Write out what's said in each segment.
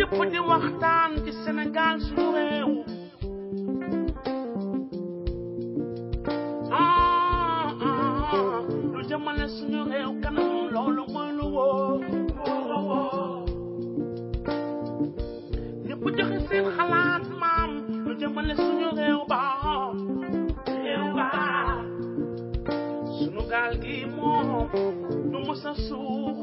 ñëpp di waxtaan ci Sénégal suñu réew ah, ah, ah, lu jëmale suñu réew kanam loolu mooy lu wóor ñëpp joxe seen xalaat maam lu jëmale suñu réew ba réew ba suñu gaal gi moom du mës a suuf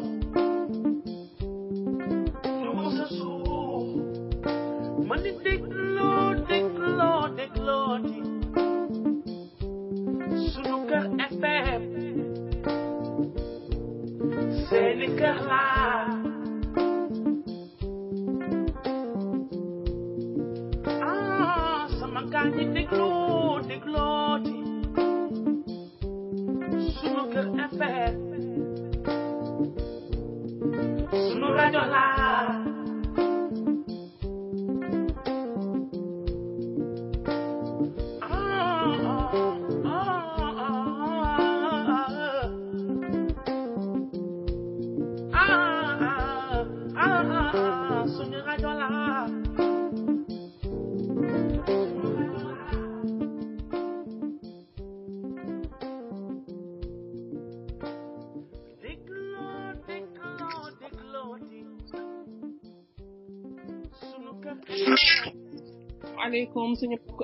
哥拉。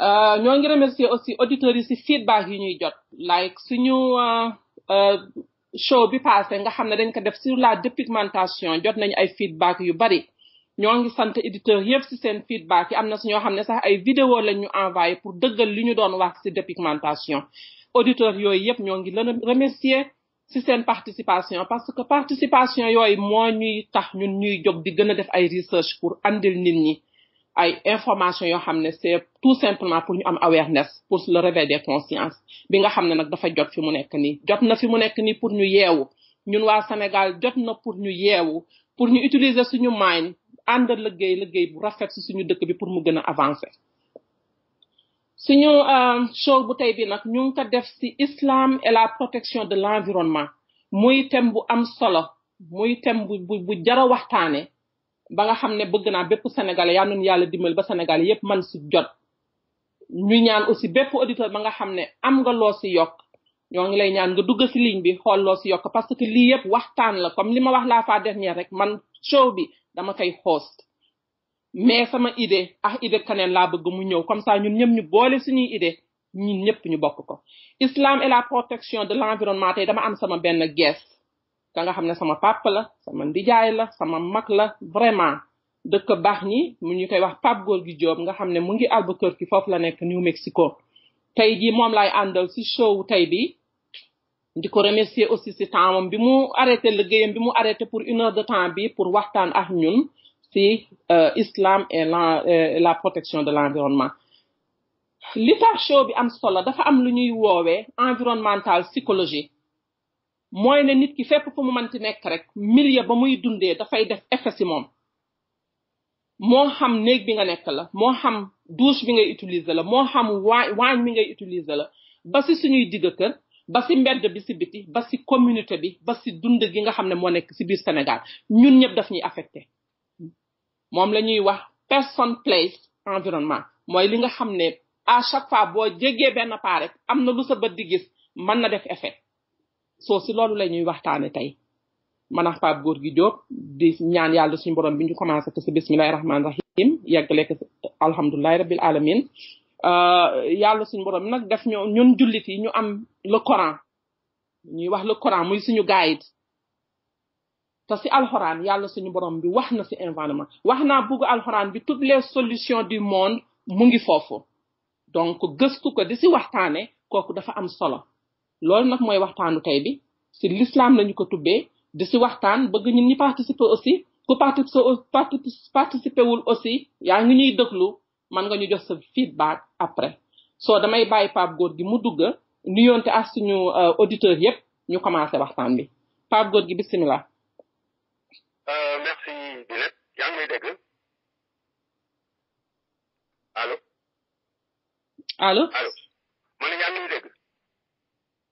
Euh, ñoo ngi remercier aussi auditeurs yi si feedback yi ñuy jot like suñu euh, euh, show bi passé nga xam ne dañ ko def sur la dépigmentation jot nañ ay feedback yu bari ñoo ngi sant éditeurs yëpp si seen feedback yi am na si ñoo xam ne sax ay vidéo lañ ñu envoyé pour dëggal li ñu doon waak si dépigmentation auditeurs yooyu yëpp ñoo ngi leen remercier si seen participation parce que participation yooyu moo ñuy tax ñun ñuy jóg di gën a def ay research pour andil nit ñi ay information yo xam c'est tout simplement pour ñu am awareness pour le réveil des consciences bi nga xam nak dafa jot fi mu nek ni jot na fi mu nekk pour ñu yewu ñun wa Sénégal jot na pour ñu yewu pour ñu utiliser suñu mind ànd liggéey liggéey bu rafet ci suñu dëkk bi pour mu gëna avancer suñu euh, show bu tay bi nak ñu ngi ko def ci islam et la protection de l'environnement muy thème bu am solo muy thème bu bu jara waxtaane ba nga xam ne bëgg naa bépp sénégalais yaa nun yàlla dimbali ba sénégalais yépp man si jot ñu ñaan aussi bépp auditeur ba nga xam ne am nga loo si yokk ñoo ngi lay ñaan nga dugg si bi xool loo si yokk parce que lii yépp waxtaan la comme li ma wax laa faa dernière rek man show bi dama koy host mais sama idée ak ah, idée keneen laa bëgg mu ñëw comme ça ñun ñëpp ñu boole suñuy idée ñun ñëpp ñu bokk ko islam et la protection de l'environnement tey dama am sama benn guest ka nga xam sama papa la sama ndijaay la sama mak la vraiment dëkk baax ni mu ñu koy wax Pape Gorgui Diop nga xam mu ngi Albuquerque fofu la nekk New Mexico tay ji mom lay andal ci show tay bi di ko remercier aussi ci tempsam bi mu arrêté liggéeyam bi mu arrêté pour une heure de temps bi pour waxtaan ak ñun si euh, islam et la euh, la protection de l'environnement li tax show bi am solo dafa am lu ñuy woowee environnemental psychologie mooy na nit ki fépp fu mu manti nekk rek milieu ba muy dundee dafay def effet si moom moo xam néeg bi nga nekk la moo xam douche bi ngay utiliser la moo xam waa waañ bi ngay utiliser la ba si suñuy digg kër ba si mbedd bi si biti ba si communauté bi ba si dund gi nga xam ne moo nekk si biir Sénégal ñun ñëpp daf ñuy affecté moom la ñuy wax personne place environnement mooy li nga xam ne à chaque fois boo jegee benn paa rek am na lu sa bët di gis mën na def effet soo si loolu la ñuy waxtaane tey manax paab góor gi jóob di ñaan yàlla suñu borom bi ñu commencé ko si bismillahi rahman rahim yeggale ko alhamdulilahi rabbil alamin euh, yàlla suñu borom nag def ñoo ñun jullit yi ñu am le coran ñuy wax le coran muy suñu guide te si alxuraan yàlla suñu borom bi wax na si environnement wax naa bugg alxuraan bi toutes les solutions du monde mu ngi foofu donc gëstu ko di si waxtaane kooku dafa am solo loolu nag mooy waxtaanu tey bi si l'islam lañu ko tubbee di si waxtaan bëgg ñun ñi participer aussi ku participer wul aussi yaa ngi ñuy déglu man nga ñu jox sa feedback après soo damay bàyyi Pape gi mu dugga nuyoonte ak suñu euh, auditeurs yépp ñu commencé waxtaan bi Pape Gorgui bisimilah. Euh, merci Dilek yaa ngi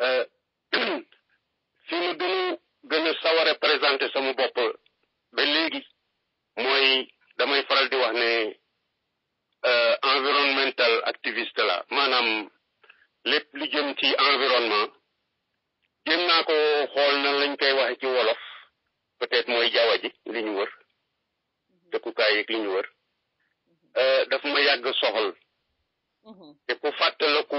Euh, fi mu gënu gën a sawar présenté sama bopp ba léegi mooy damay faral di wax ne euh, environnemental activiste la maanaam lépp li jëm ci environnement jëm naa ko xool nan lañ koy waxe ci wolof peut-être mooy jaww ji li ñu wër dëkkukaay yeeg li ñu wër euh, daf ma yàgg soxal mm-hmm. te ku fàttaliku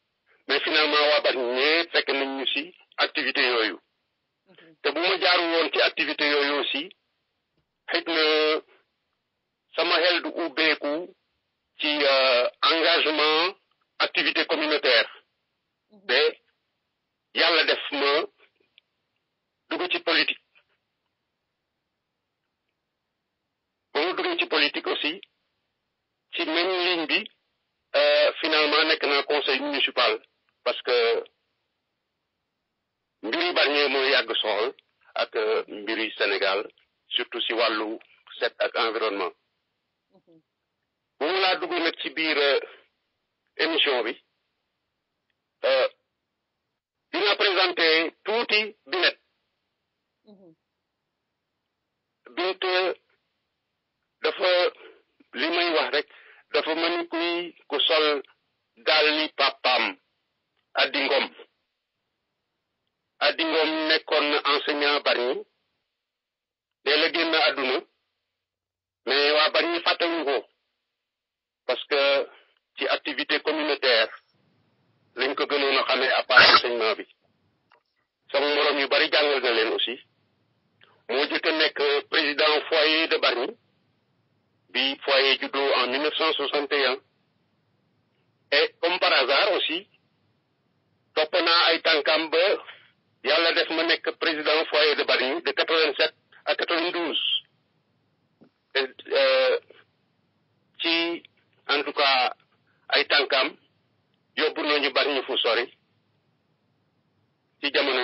mais finalement wa pas ñëpp fekk nañ ñu activités. activité yoyu té buma ma woon ci activité yoyu aussi xëj na sama xel du ubbeeku ci euh, engagement activité communautaire Mais yàlla def ma dugg ci politique ba y a ci politique aussi ci même ligne bi euh, finalement nekk naa conseil municipal Paske mbiri bagne mou yag sol ak euh, mbiri Senegal, sotou si walu, set ak anveronman. Mhm. Mou la dougou mwen tibire euh, emisyon vi, di na prezante touti binet. Mhm. Binte, euh, defo limay wahrek, defo meni koui kou sol gal li papam, Adingom Adingom n'est enseignant bari. dee la à àdduna mais wa bari fàttewuñ ko parce que ci activité communautaire lañ ko gënoon a à l'enseignement. enseignement bi sama yu bari jàngal na aussi moo jëkk a président foyer de bari, bi foyer judo en 1961 et comme par hasard aussi top na ay tankam ba yalla def ma nek président foyer de bari de 87 à 92 euh ci en tout cas ay tankam yobbu ñu bari ñu fu sori ci jamono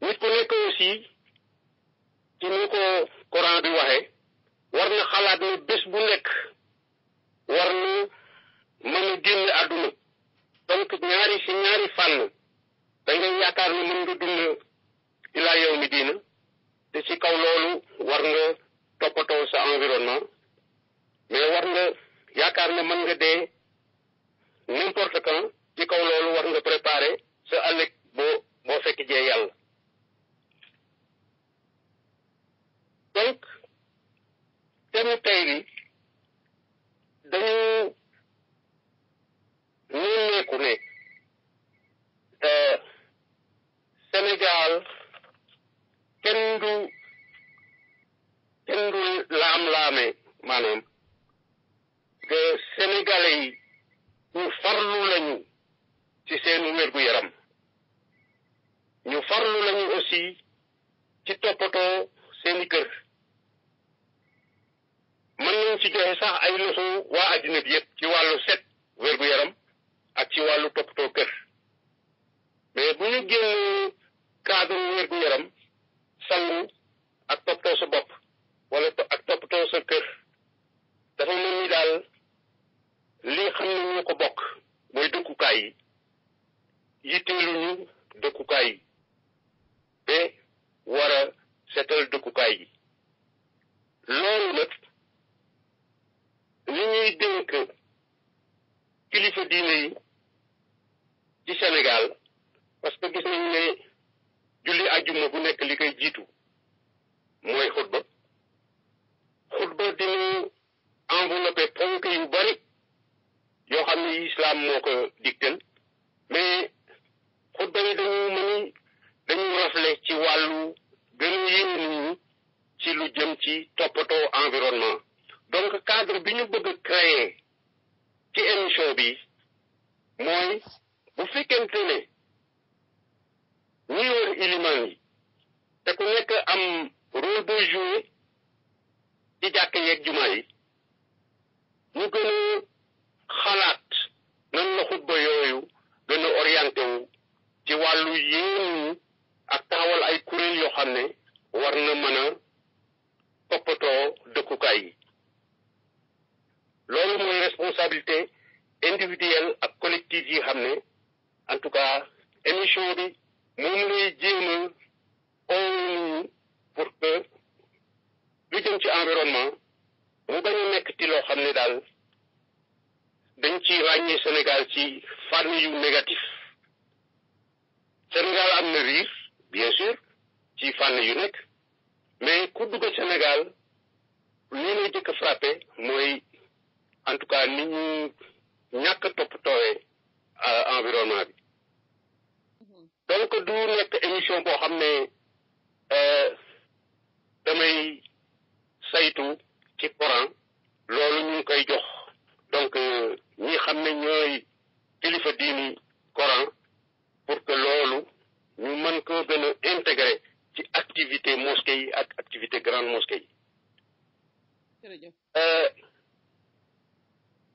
nit ku nekk aussi ci ni ko coran bi waxe war na xalaat ne bés bu nekk war na mën a génn àdduna donc ñaari si ñaari fànn da ngay yaakaar mën nga dund ila yow mi diina te ci kaw loolu war nga toppatoo sa environnement mais war nga yaakaar ne mën nga dee n'importe quand ci kaw loolu war nga préparer sa ëllëg bo boo fekk jee yàlla donc seen tey bi dañu nemmeeku ne Sénégal kenn du kenn du laam de maanaam que sénégalais yi ñu farlu lañu ci seenu wér-gu-yaram ñu farlu lañu aussi ci toppatoo seeni mën nañ ci joxe sax ay leçon waa addina bi yëpp ci wàllu set wérgu yaram ak ci wàllu toppatoo kër mais bu ñu génn cadre wérgu yaram sangu ak toppatoo sa bopp wala ak toppatoo sa kër dafa mel ni daal li xam ne ko bokk mooy dëkkukaay yi yitteeluñu dëkkukaay yi te war dëkkukaay yi loolu nag li ñuy dénk kilifa diine yi ci Sénégal parce que gis nañu ne julli àjjuma bu nekk li koy jiitu mooy xutba xutba dina enveloppé ponk yu bari yoo xam ne islam moo ko digtal mais xutba yi dañu mën dañu rafle ci wàllu gën a yéen ci lu jëm ci toppatoo environnement donc cadre bi ñu bëgg a ci émission bi mooy bu fekkente ne ñi wër iliman yi te ku nekk am rôle jouer ci jàkk yeeg juma yi ñu gën xalaat nan la xutba yooyu gën a ci wàllu yéen ak taxawal ay kuréel yoo xam ne war na mën dëkkukaay loolu mooy responsabilité individuelle ak collective yi xam ne en tout cas émission bi moom lay jéem a connu pour que lu jëm ci environnement mu bañ nekk ci xam ne daal dañ ci ràññee Sénégal ci fànn yu négatif Sénégal am na riir bien sûr ci fànn yu nekk mais ku dugg Sénégal lii lay jëkk frappé mooy en tout cas nous ñi ñàkk a toppatoowee euh, environnement bi donc du nekk émission boo xam ne euh, damay saytu ci Coran loolu ñu ngi koy jox donc euh, ñi xam ne ñooy kilifa Coran pour que loolu ñu mën ko gën intégrer ci activité mosquée yi ak activité grande mosquée yi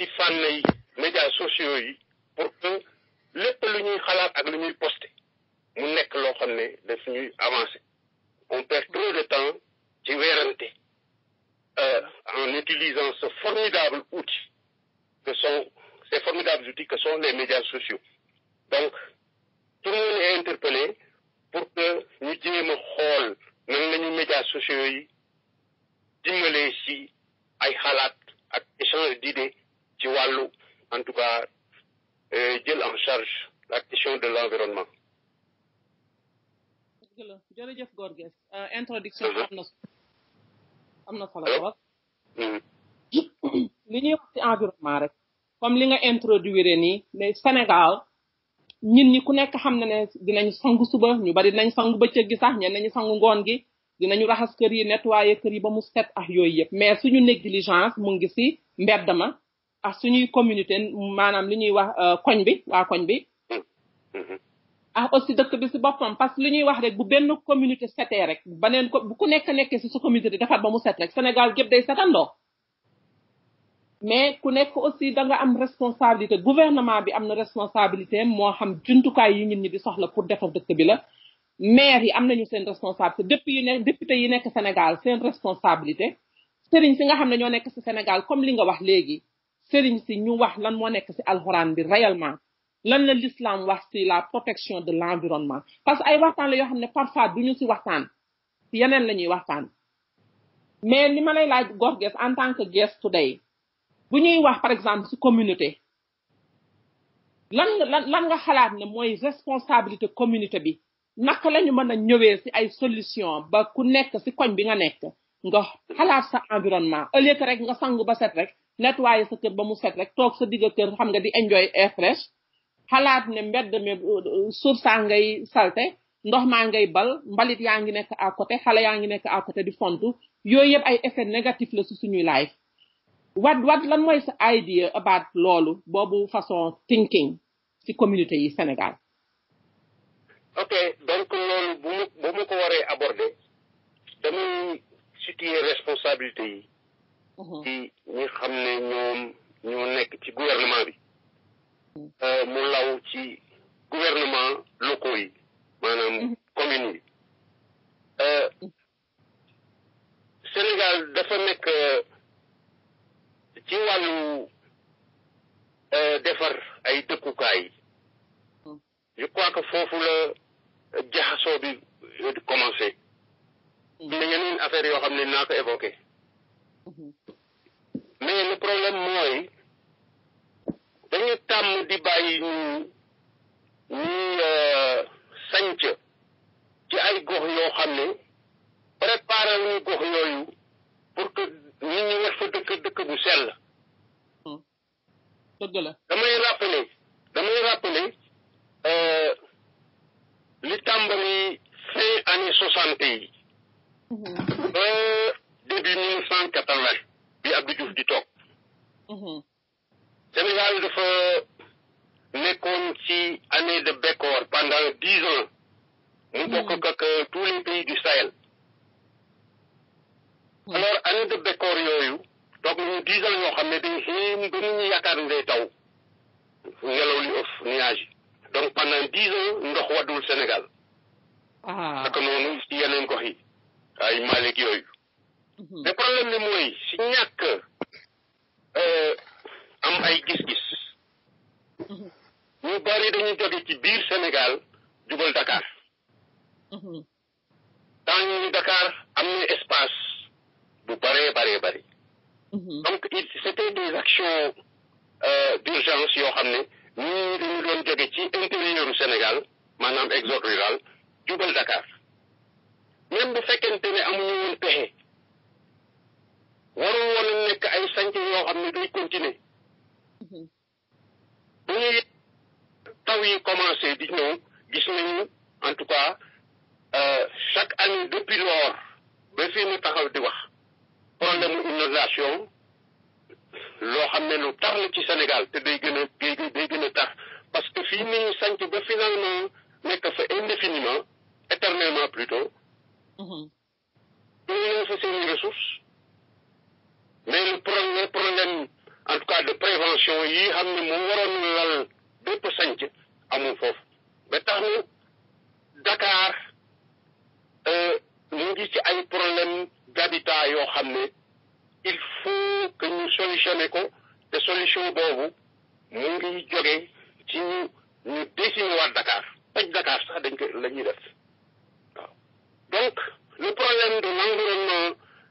ci fànn yi médias sociaux yi pour que lépp lu ñuy xalaat ak lu ñuy posté mu nekk loo xam ne daf ñuy avancé on perd trop de temps ci weerante euh, en utilisant ce formidable outil que sont ces formidables outils que sont les médias sociaux donc tout le monde est interpellé pour que ñu jéem a xool nan la médias sociaux yi dimbalee si ay xalaat ak échange d'idées ci walu en eh, tout cas jël en charge la question de l'environnement gitu jërëjëf Gorges eh, introduction am na am na solo trop li ñuy wax ci environnement rek comme li nga introduire nii ne Sénégal ñin ñi ku nekk xam na ne sangu suba ñu bari dinañ sangu bëccëg gi sax ñen nañu ak suñuy communauté maanaam li ñuy wax euh, koñ bi waa koñ bi mm-hmm. a aussi dëkk bi si boppam parce que li ñuy wax rek bu benn communauté setee rek beneen ko bu ku nekk nekkee si sa communauté defaat ba mu set rek Sénégal gépp day setandoo mais ku nekk aussi da nga am responsabilité gouvernement bi am na responsabilité moo xam jumtukaay yi nit ñi di soxla pour defar dëkk bi la maire yi am nañu seen responsabilité député yi nekk député yi nekk Sénégal seen responsabilité sëriñ si nga xam ne ñoo nekk si Sénégal comme li nga wax léegi sëriñ si ñu wax lan moo nekk si alxuraan bi réellement lan la l'islam wax si la protection de l'environnement parce que ay waxtaan la yoo xam ne parfois du ñu si waxtaan si yeneen la ñuy waxtaan mais li ma lay laaj Gorr Guess en tant que Guess Today bu ñuy wax par exemple si communauté lan lan lan nga xalaat ne mooy responsabilité communauté bi naka lañu ñu mën a ñëwee si ay solution ba ku nekk si koñ bi nga nekk nga xalaat sa environnement au lieu que rek nga sangu ba set rek nettoyer sa kër ba mu set rek toog sa digg kër xam nga di enjoy air fresh xalaat ne mbedd mi suuf saa ngay salte ndox maa ngay bal mbalit yaa ngi nekk à xale yaa ngi nekk à côté di fontu yooyu yëpp ay effet négatif la si suñuy life wat wat lan mooy sa idea about loolu boobu façon thinking ci communauté yi Sénégal ok donc loolu bu mu bu mu ko waree aborder damay situer responsabilité yi ci mm-hmm. ñi xam ne ñoom ñoo nekk ci gouvernement bi mm-hmm. euh, mu law ci gouvernement locaux yi maanaam mm-hmm. communes yi euh, Sénégal dafa nekk euh, ci wàllu defar ay dëkkukaay je crois que foofu la jaxasoo bi commencé. mais yeneen affaire yoo xam ne naa ko évoqué. mais le problème moy dañu tam di bayyi ñu ñu sanc ci ay gox yo xamné ne préparé ñu gox yoyu pour que ñi ñu wax fa dëkk dëkk bu sel hmm. dëgg la damay euh, li fin hmm. euh, début 1980 bi Abdou Diouf di toog. Mm-hmm. Sénégal dafa nekkoon ci année de Bécor pendant dix ans. mu bokk mm-hmm. ak tous les pays du Sahel. Mm-hmm. alors année de Bécor yooyu toog nañu dix ans yoo xam ne dañu xéem ba nu ñu yaakaar ne day taw. ngelaw li ëff nuage donc pendant dix ans ndox waddul Sénégal. ah noonu ci yeneen gox yi. ay yooyu. mais mm-hmm. problème bi mooy si ñàkk euh, am ay gis-gis mm-hmm. ñu bari dañu jóge ci biir Sénégal jubal Dakar mm-hmm. temps ñu Dakar am na espace bu baree baree bari donc il c'était des actions euh, d'urgence yoo xam ne ñii dañu doon jóge ci intérieur Sénégal maanaam exode rural jubal Dakar même bu fekkente ne amuñu woon pexe waru woon nek ay sanc yo xam ne continuer mhm. bu ñuy taw yi commencé di ñëw gis nañu en tout cas euh, chaque année depuis lors ba fi mu taxaw di wax problème mu inondation loo xam ne lu tar la ci Sénégal te day gën a day gën a tar parce que fii nit ñi ba finalement nekk fa indéfiniment éternellement plutôt. Mhm. ñu ngi leen fa seen ressources. mais le problème problème en tout cas de prévention yi xam ne moom waroon lal bépp sanc amul foofu ba tax na dakaar euh, mu ngi ci ay problème d'habitat yoo xam ne il faut que ñu solutionné ko te solution boobu mu ngi jóge ci ñu ñu dessiner waat Dakar paj Dakar sax dañ ko lañuy ñuy def donc le problème de l'environnement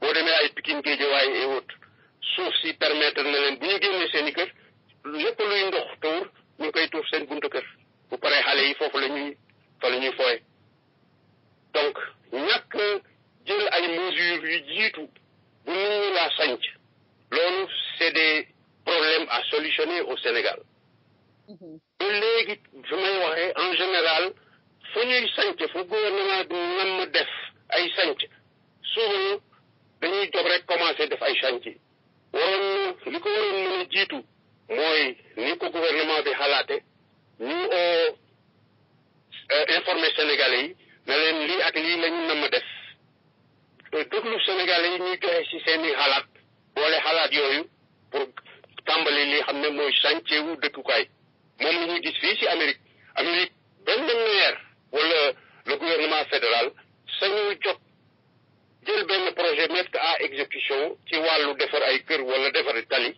boo demee ay Pikine Guédiawaye et autres suuf si permettre na leen bu ñu génnee seen i kër lépp luy ndox tuur ñu koy tuur seen buntu kër bu paree xale yi foofu la ñuy fa la ñuy fooye donc ñàkk jël ay mesures yu jiitu bu nit ñi laa sanc loolu c'est des problèmes à solutionner au Sénégal mm-hmm. ba léegi fi may waxee en général fu ñuy sanc fu gouvernement bi nam def ay sanc souvent dañuy jóg rek commencé def ay chantier waroon li ko waroon mën a jiitu mooy ni ko gouvernement bi xalaate ñu oo euh, informer sénégalais yi ne leen lii ak lii la ñu namm def te déglu yi ñuy joxe ci seeni xalaat boole xalaat yooyu pour tàmbali li xam ne mooy chantier wu dëkkukaay moom la ñuy gis fii ci Amérique Amérique benn maire wala le gouvernement fédéral sañuy jóg jël benn projet mettre à exécution ci wàllu defar ay kër wala defar tali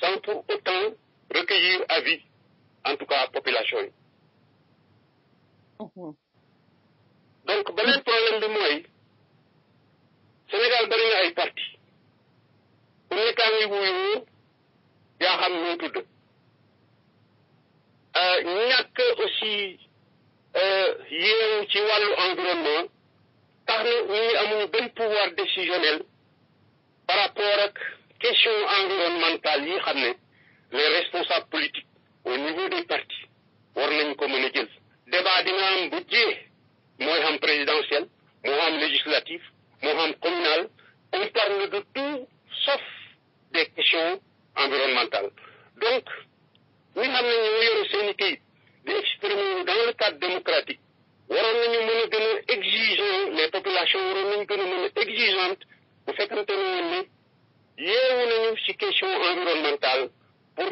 sans pour autant recueillir avis en tout cas population yi mhm. donc beneen problème bi mooy Sénégal bari na ay parti ku nekkaa ngi wuyu yaa xam N'y tudd euh, ñàkk aussi euh, yéewu ci wàllu environnement nous avons à pouvoir décisionnel par rapport la question environnementale les responsables politiques au niveau des partis war débat de am budget, présidentiel législatif moi communal on parle de tout sauf des questions environnementales donc nous avons une sénité dans le cadre démocratique waroon nañu mën a les populations waroon nañu gën a mën exigeante bu fekkante ne woon ne yeewu nañu question environnementale pour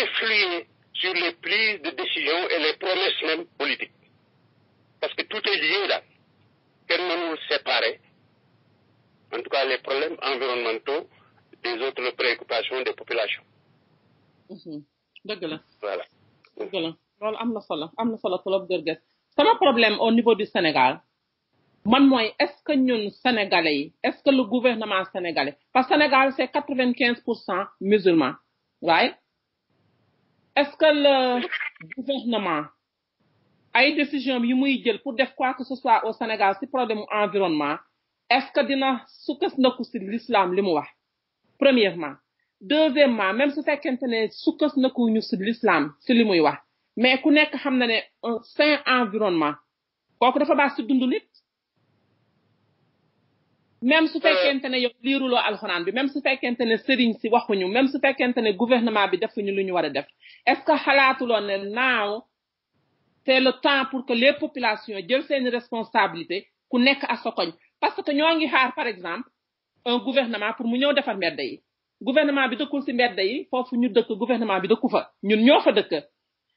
influer sur les prises de décision et les promesses même politiques parce que tout est lié là. kenn nous séparer en tout cas les problèmes environnementaux des autres préoccupations des populations. Mhm. dëgg voilà dëgg la loolu am na solo am na solo trop sama problème au niveau du Sénégal man mooy est-ce que ñun yi est-ce que le gouvernement sénégalais parce que Sénégal c'est quatre-vingt-quinze pour cent musulmans waaye est-ce que le gouvernement ay décision yi muy jël pour def quoi que ce soit au Sénégal si problème environnement est-ce que dina sukkandiku si l'islam li mu wax premièrement deuxièmement même su fekkente ne sukkandiku ñu si l'islam si li muy wax mais ku nekk xam na ne un sain environnement kooku dafa baax si dund nit même su fekkente ne yow liiruloo alxuraan bi même su fekkente ne sëriñ si waxuñu même su fekkente ne gouvernement bi defuñu lu ñu war a def est-ce que xalaatuloo ne naaw c'est le temps pour que les populations jël seeni responsabilité ku nekk a sa parce que ñoo ngi xaar par exemple un gouvernement pour mu ñëw defar mbedd yi gouvernement bi dëkkul si mbedd yi foofu ñu dëkk gouvernement bi dëkku fa ñun ñoo fa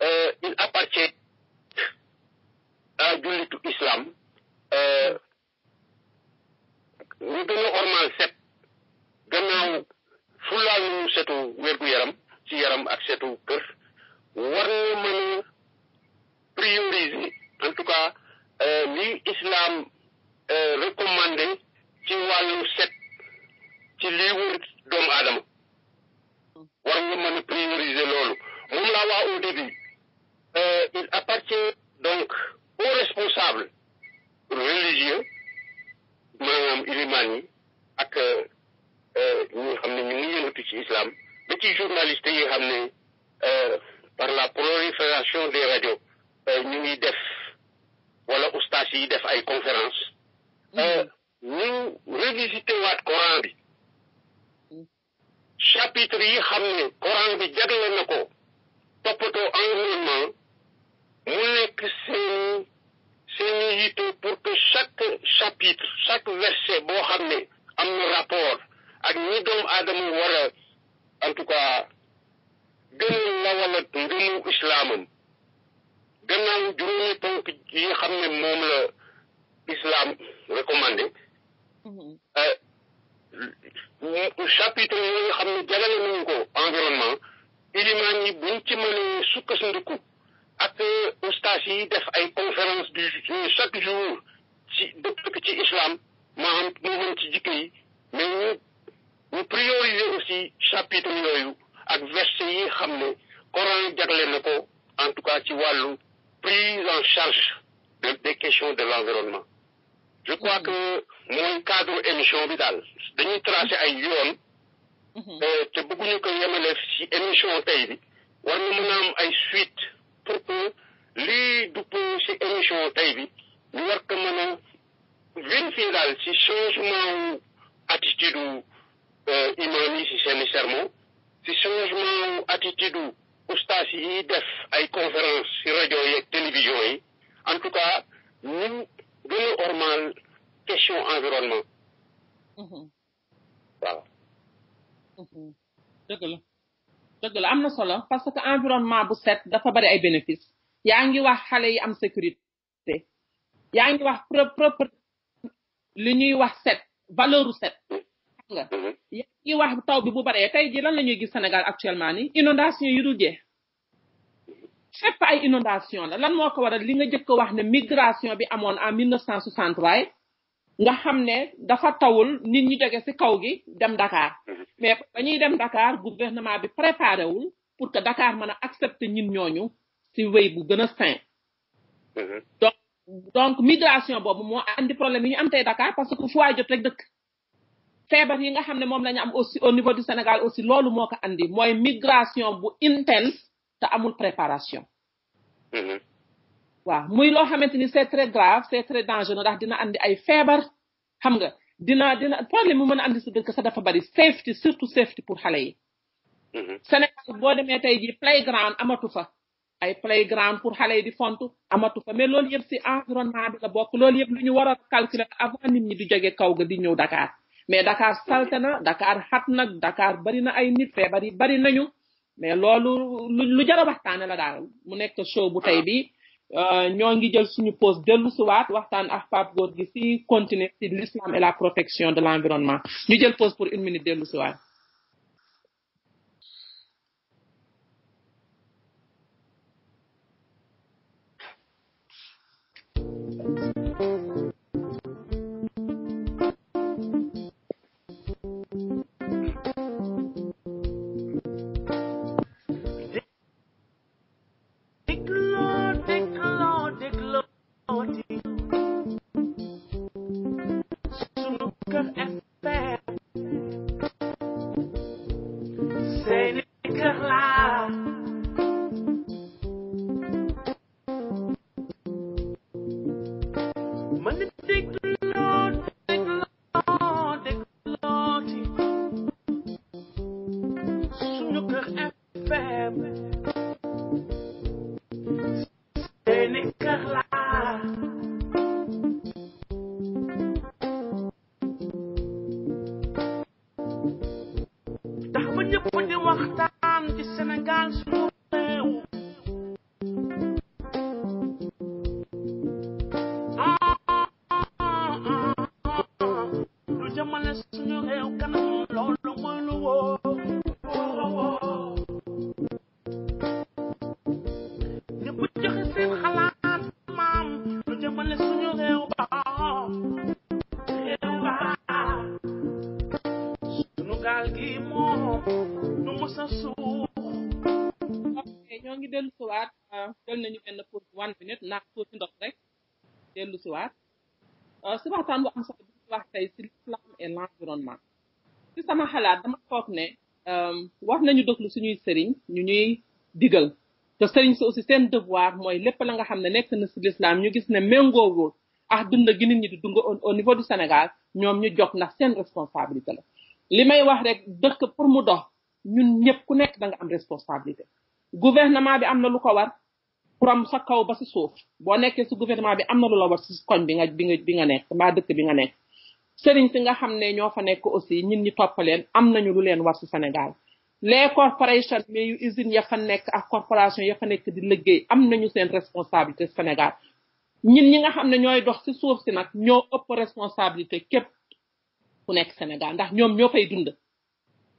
Euh, il appartient à jullitu islam euh, ñu gën a ormal set gannaaw fulaal ñu setu wér yaram ci yaram ak setu kër war na mën a en tout cas euh, li islam recommandé ci wàllu set ay bénéfice yaa ngi wax xale yi am sécurité yaa ngi wax propre li ñuy wax set valeur set mm-hmm. yaa ngi wax taw bi bu baree tey ji lan la ñuy gis Sénégal actuellement ni inondation yu dul jeex fépp ay inondation la lan moo ko waral li nga jëkk wax ne migration bi amoon en 1960 waaye nga xam ne dafa tawul nit ñi jege ci kaw gi dem Dakar mm-hmm. mais ba ñuy dem Dakar gouvernement bi préparé wul pour que Dakar mën a accepter ñin ñooñu ci wéy bu gëna fin mhm. donc donc migration bobu mo andi problème yi ñu am tay Dakar parce que fu waay jot rek dëkk feebar yi nga xam mom lañu am aussi au niveau du Sénégal aussi loolu moko andi moy migration bu intense te amul préparation mhm. wa muy lo xamanteni c'est très grave c'est très dangereux ndax dina andi ay feebar xam nga dina dina problème mu mën andi sa dëkk sa dafa bari safety surtout safety pour xalé yi mhm. Sénégal bo démé tay ji playground amatu fa ay playground pour xale yi di font amatu fa mais loolu yëpp si environnement bi la bokk loolu yëpp lu ñu war a calculer avant nit ñi di jóge kaw ga di ñëw Dakar mais Dakar salte na Dakar xat nag Dakar bari na ay nit feebar yi bari nañu mais loolu lu jar a waxtaane la daal mu nekk show bu tey bi euh, ñoo ngi jël suñu pause dellu waat waxtaan ak Pape Gorgui si continuer si l'islam et la protection de l'environnement ñu jël pause pour une minute dellu siwaat ne euh, war nañu doglu suñuy sëriñ ñu ñuy digal te sëriñ si aussi seen devoir mooy lépp la nga xam ne nekk na si l'islam ñu gis ne méngoowul ah dund gi nit ñi di dund au niveau du Sénégal ñoom ñu jox ndax seen responsabilité la li wax rek dëkk pour mu dox ñun ñëpp ku nekk da nga am responsabilité gouvernement bi am na lu ko war from sa kaw ba si suuf boo nekkee si gouvernement bi am na lu la war si koñ bi nga bi nga bi nga nekk bi nga nekk sëriñ si nga xam ne ñoo fa nekk aussi ñin ñi topp leen am nañu lu leen war si Sénégal les corporations mais yu usines ya fa nekk ak corporation ya fa nekk di liggéey am nañu seen responsabilité Sénégal ñin ñi nga xam ne ñooy dox si suuf si nag ñoo ëpp responsabilité képp ku nekk Sénégal ndax ñoom ñoo fay dund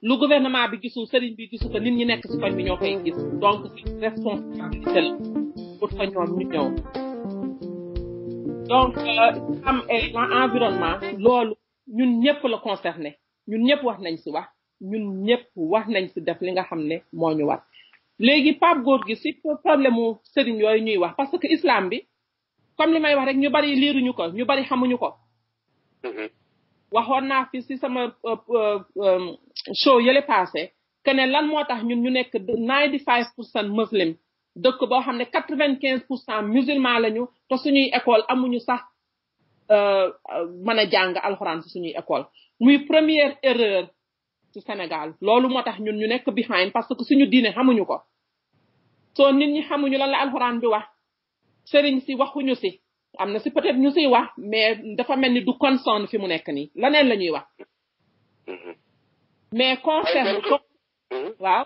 lu gouvernement bi gisul sëriñ bi gisu ko nit ñi nekk si koñ bi ñoo koy gis donc responsabilité la pour fa ñoom ñu ñëw donc am euh, environnement loolu ñun ñëpp la concerné ñun ñëpp wax nañ si wax ñun ñëpp wax nañ si def li nga xam ne moo ñu war léegi Pape góor gi si problème mu sëriñ yooyu ñuy wax parce que islam bi comme li may wax rek ñu bari liiruñu ko ñu bari xamuñu ko. Mm-hmm. waxoon naa fi si sama euh, euh, show yële passé que ne lan moo tax ñun ñu nekk 95 pour cent muslim dëkk boo xam ne quatre pour cent musulman lañu te suñuy école amuñu sax euh, mën a jàng alxuraan si suñuy école muy première erreur ci Sénégal loolu moo tax ñun ñu nekk behind parce que suñu diine xamuñu ko soo nit ñi xamuñu lan la alxuraan bi wax sëriñ si waxuñu si am na si peut être ñu siy wax mais dafa mel ni du concern fi mu nekk nii leneen la ñuy wax mm-hmm. mais concerne waaw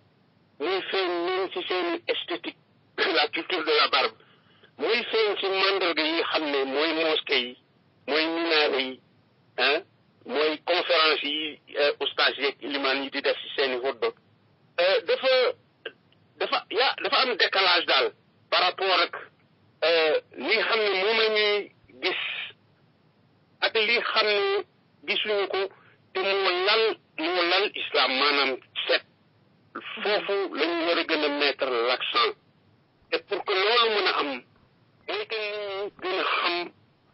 muy feeñ ñun ci seen esthétique la culture de la barbe muy feeñ ci mandarga yi xam ne mooy mosquée yi mooy minaare yi ah mooy conférence yi euh, ustaas yeeg limaan yi di def ci seeni i xutba euh, dafa dafa yaa dafa am décalage daal par rapport ak euh, li xam ne moom la gis ak li xam ne gisuñu ko te moo lal moo lal islam maanaam foofu la ñu war a gën a mettre l'accent et pour que loolu mën a am mooy que ñu gën a xam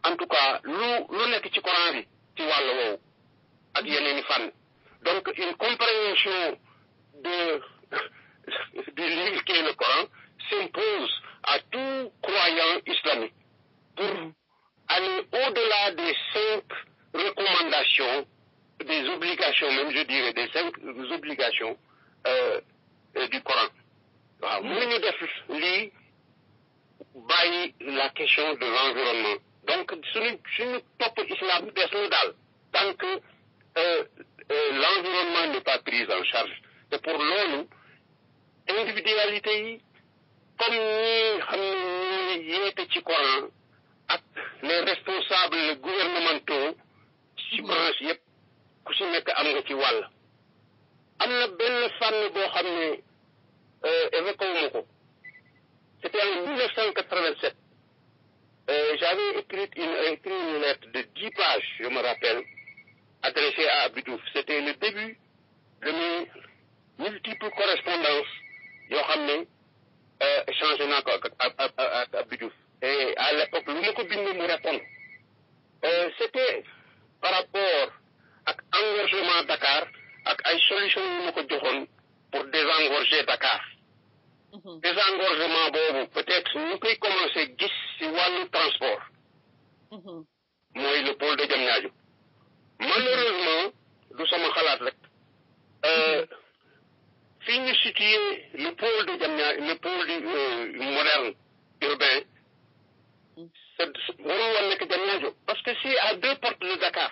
en tout cas lu lu nekk ci coran bi ci wàll woowu ak yeneen i fànn donc une compréhension de du livre qui est le Coran s'impose à tout croyant islamique pour aller au-delà des cinq recommandations des obligations même je dirais des cinq obligations euh, du Coran la question de l'environnement donc islam tant que euh, euh, l'environnement n'est pas pris en charge et pour l'ONU, individualité comme Coran les responsables gouvernementaux si euh, c'était en 1987 euh, j'avais écrit une lettre de dix pages je me rappelle adressée à Abidouf. c'était le début de mes multiples correspondances yoo xam ne euh, échangé naa et à l'époque lu ma ko bind c'était par rapport à à Dakar ak ay solution yu ma ko pour désengorger Dakar mhm. désengorgement boobu peut-être ñu koy commencer gis ci wàllu transport mhm. mooy le pôle de Diamniadio malheureusement du sama xalaat rek Si euh, mhm. ñu situé le pôle de Diamniadio le pôle de euh, moderne urbain c'est warul woon nekk Diamniadio parce que c'est à deux portes de Dakar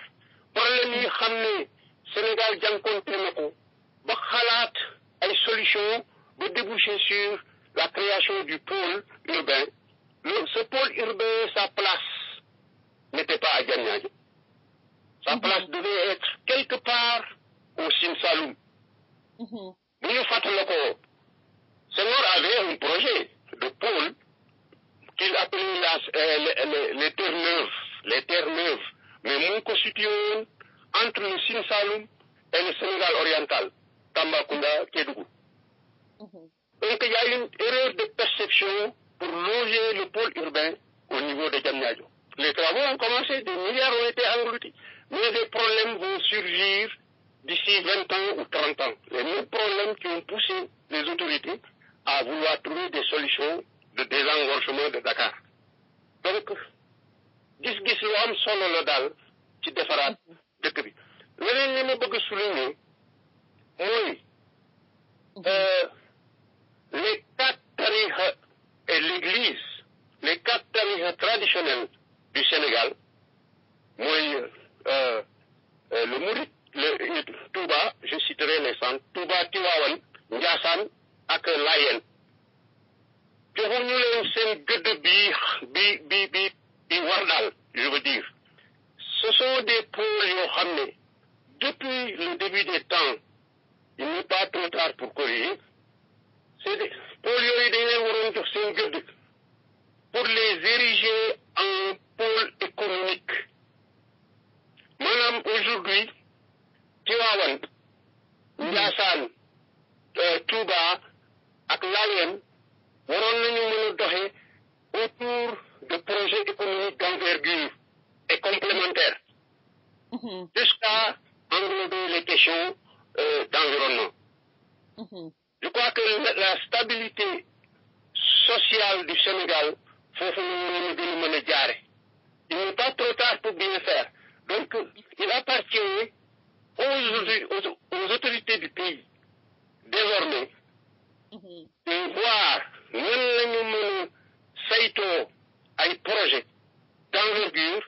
problème yi xam ne Sénégal jànkoonte na ko ba xalaat ay solution ba déboucher sur la création du pôle urbain ce pôle urbain sa place n'était pas à Diamniadio sa mhm. place devait être quelque part au Simsalou Saloum nous mhm. ñu Senghor avait un projet de pôle qu'il appelait euh, les terres neuves les terres mais mon constitution entre le Sinsaloum et le Sénégal oriental, Tambacounda, Kédougou. Mhm. Donc il y a une erreur de perception pour loger le pôle urbain au niveau de Djamnyadjo. Les travaux ont commencé, des milliards ont été engloutis, mais des problèmes vont surgir d'ici 20 ans ou 30 ans. Les mêmes problèmes qui ont poussé les autorités à vouloir trouver des solutions de désengorgement de Dakar. Donc, gis-gis lu am solo la dal dëkk bi leneen li bëgg souligner mooy euh, les quatre tarixa et l'église les quatre tarixa traditionnels du Sénégal mooy euh, euh, le Mouride le Touba je citerai les centres Touba tiwawan, Njaasaan ak Layen joxuñu leen seen gëdd bi bi bi bi war je veux dire ce sont des pôles qui ont depuis le début des temps il n'est pas trop tard pour corriger c'est des pôles pour les ériger en pôle économique Madame, aujourd'hui Tivaouane mm-hmm. Ndiassane euh, Touba ak Laayeen nañu mën autour de projets économiques d'envergure est complémentaire mm-hmm. Jusqu'à englober les questions euh, d'environnement. Mm-hmm. Je crois que la, stabilité sociale du Sénégal, faut Il n'est pas trop tard pour bien faire. Donc, il appartient aux, autorités du pays, désormais, mm-hmm. de voir même les mën projet d'envergure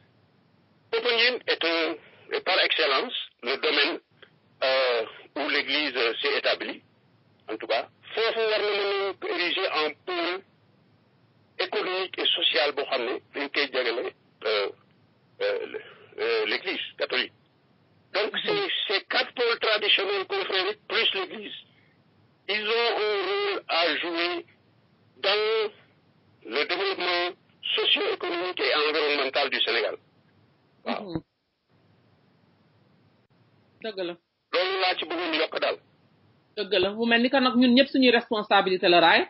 Popengine est, par excellence le domaine euh, où l'Église s'est établie, en tout cas. foofu érigée en pôle économique et social pour euh, euh, l'Église catholique. donc mm-hmm. ces quatre pôles traditionnels plus l'Église ils ont un rôle à jouer dans le développement socio-économique et environnemental du Sénégal. waaw. Mm-hmm. dëgg la. loolu laa ci bëggoon yokk daal. dëgg la mu mel ni que nag ñun ñëpp suñuy responsabilité la raay.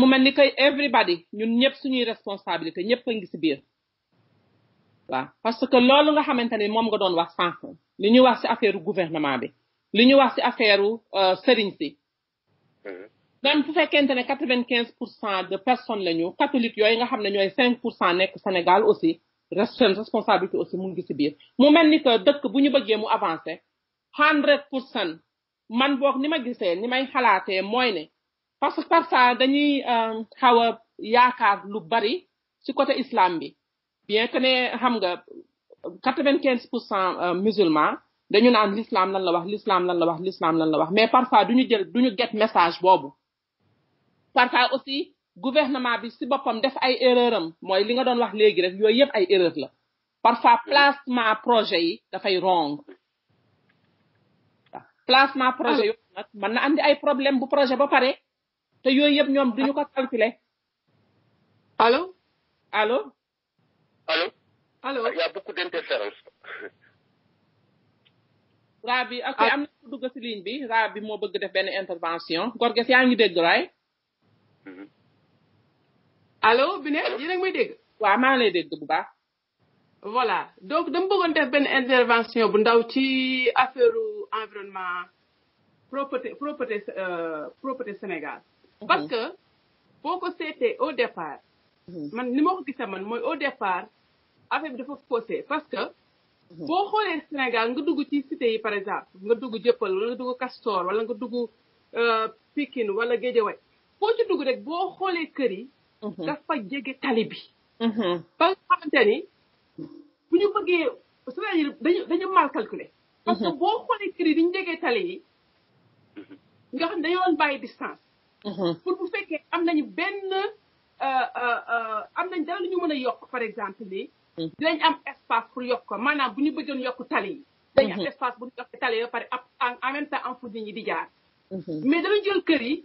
mu mel ni que everybody ñun ñëpp suñuy responsabilité ñëpp a ngi si biir. waaw parce que loolu nga xamante ni moom nga doon wax sànq lu ñuy wax si affaire gouvernement bi li ñuy wax si affaire euh, sëriñ si. Mm-hmm. même pour faire ne 95% de personnes la ñu catholiques yooyu nga xam ne 5% cinq pour Sénégal aussi seen responsabilité aussi mu ngi ci biir mu mel ni que dëkk bu ñu mu avancé 100% man boog ni ma gisee ni may xalaatee mooy parce que parfois dañuy euh, xaw a yaakaar lu bari ci côté islam bi bien que ne xam nga euh, musulmans dañu naan l'islam lan la wax l'islam lan la wax l'islam lan la wax mais parfois duñu jël duñu get message bobu parfois aussi gouvernement bi si boppam def ay erreur mooy li nga doon wax léegi rek yooyu yëpp ay erreur la parfois mm. placement projet yi dafay wrong placement projet yooyu nag mën na andi ay problème bu projet ba pare te yooyu yëpp ñoom duñu ko calculer allo allo allo allo ah, y a beaucoup d'interférences raa bi ah. am na ko si ligne bi raa bi moo bëgg def benn intervention Gorges yaa ngi dégg raay Mm-hmm. allo you yéen voilà donc dama def intervention bu ndaw ci affaire environnement propreté propreté euh, Sénégal. Mm-hmm. parce que pour au départ. Mm-hmm. man ni man au départ affaire bi dafa parce que. bo xolé Sénégal nga dugg ci cité par exemple nga dugg Jëppal wala nga dugg Castor euh, foo ci dugg rek boo xoolee kër yi mhm. dafa jege tali bi mhm. ba nga xamante ni bu ñu bëggee à dire dañu dañu mal calculé mhm. parce que boo xoolee kër yi dañu jegee tali yi nga xam dañoo doon bàyyi distance pour bu fekkee am nañu benn euh, euh, euh, am nañ dara lu ñu mën a yokk par exemple nii dinañ am espace pour yokk ko maanaam bu ñu bëggoon yokk tali yi dañu am espace bu ñu yokk tali yi ba pare en même temps am fu nit ñi di jaar mais dañu jël kër yi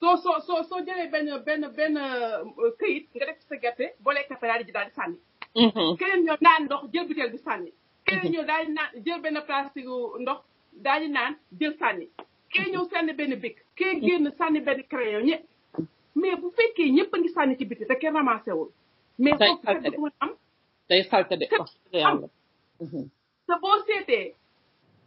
soo soo soo soo jëlee benn benn benn euh, këyit nga def ci sa gerte boole kafe daal di ji daal di sànni. Mm-hmm. keneen ñoo naan ndox jël butéel bi sànni. Mm-hmm. keneen ñoo daal di naan jël benn plastique ndox daal di naan jël sànni. kee ñëw sànni benn bic. kee mm-hmm. génn sànni benn crayon ñe. mais bu fekkee ñëpp a ngi sànni ci biti te kenn ramassé wul. mais foofu kat du mën am. boo seetee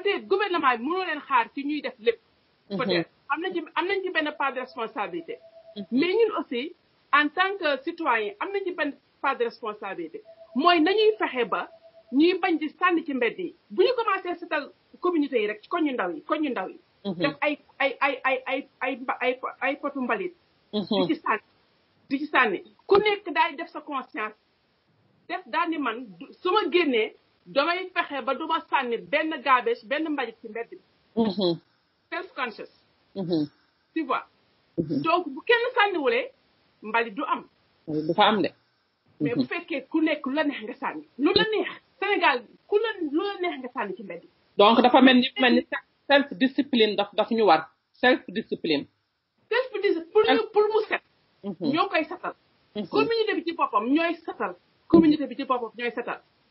peut-être gouvernement bi xaar ci ñuy def lépp. Mhm. peut-être de responsabilité. Mhm. mais ñun aussi en tant que citoyen am de responsabilité moy nañuy fexé ba ñuy bañ ci bu ñu communauté yi rek ci koñu ndaw yi koñu ndaw yi. Mhm. def ay ay ay ay ay ay sa conscience damay fexe ba du sànni ci mbedd mm-hmm. self conscious mm-hmm. tu vois mm-hmm. donc bu kenn sànniwulee mbalit du am du fa am de mais bu fekkee ku nekk lu la neex nga sànni lu la neex Sénégal ku la lu la neex nga sànni ci mbedd donc dafa self discipline daf daf ñu war self discipline self discipline pour pour mu set satal communauté bi ci satal communauté bi ci satal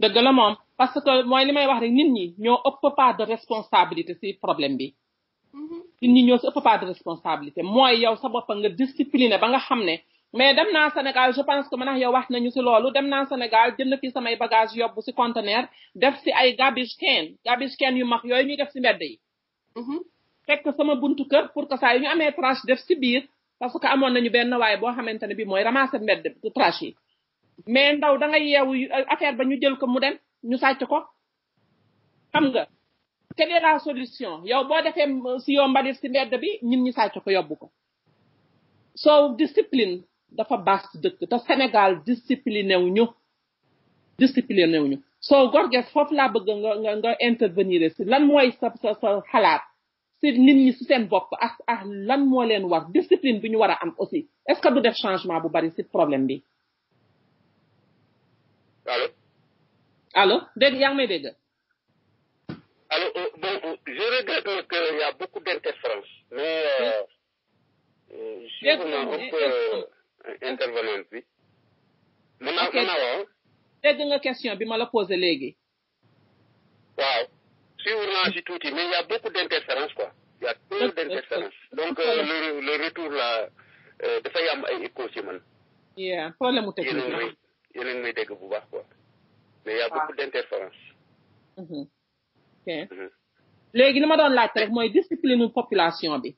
dëgg la moom parce que mooy li may wax rek nit ñi ñoo ëpp part de responsabilité ci problème bi. Mm-hmm. nit ñi ñoo si ëpp part de responsabilité mooy yow sa bopp nga discipliné ba nga xam ne. mais dem naa Sénégal je pense que man yow wax nañu si loolu dem naa Sénégal jënd fi samay bagage yóbbu si conteneur def si ay garbage can garbage can yu mag yooyu ñuy def si mbedd yi. Mm-hmm. fekk sama buntu kër pour que saa yu ñu amee trash def si biir parce que amoon nañu benn waaye boo xamante ne bii mooy ramasser mbedd yi. mais ndaw da ngay yeewu euh, affaire ba ñu jël ko mu dem ñu sàcc ko xam nga quelle la solution yow boo defee euh, si yoo mbalit si mbedd bi ñun ñu sàcc ko yóbbu ko soo discipline dafa baax si dëkk te Sénégal discipliné wu ñu discipliné wu ñu soo gorges foofu laa bëgg nga nga nga lan mooy sa sa si nit ñi si bopp ah ah lan moo leen war discipline bi ñu war a am aussi est-ce que du def changement bu bari si problème bi allo dégg yaa ngi may dégg. allo euh, bon euh, je regrette qu'il y a beaucoup d'interférences. mais sûrement on peut intervenir bi. ok hein? dégg nga question bi ma la posé léegi. waaw suivre naa si tuuti mais il y a beaucoup d'interférences quoi. il y a trop d'interférences. donc euh, le le retour là de dafay am ay écho si man. yeah problème mu technique la hein. yéen a ngi may que vous baax quoi mais il y a ah. beaucoup d'interférences. Mhm. Ok. Mhm. li ma doon laajte rek la population bi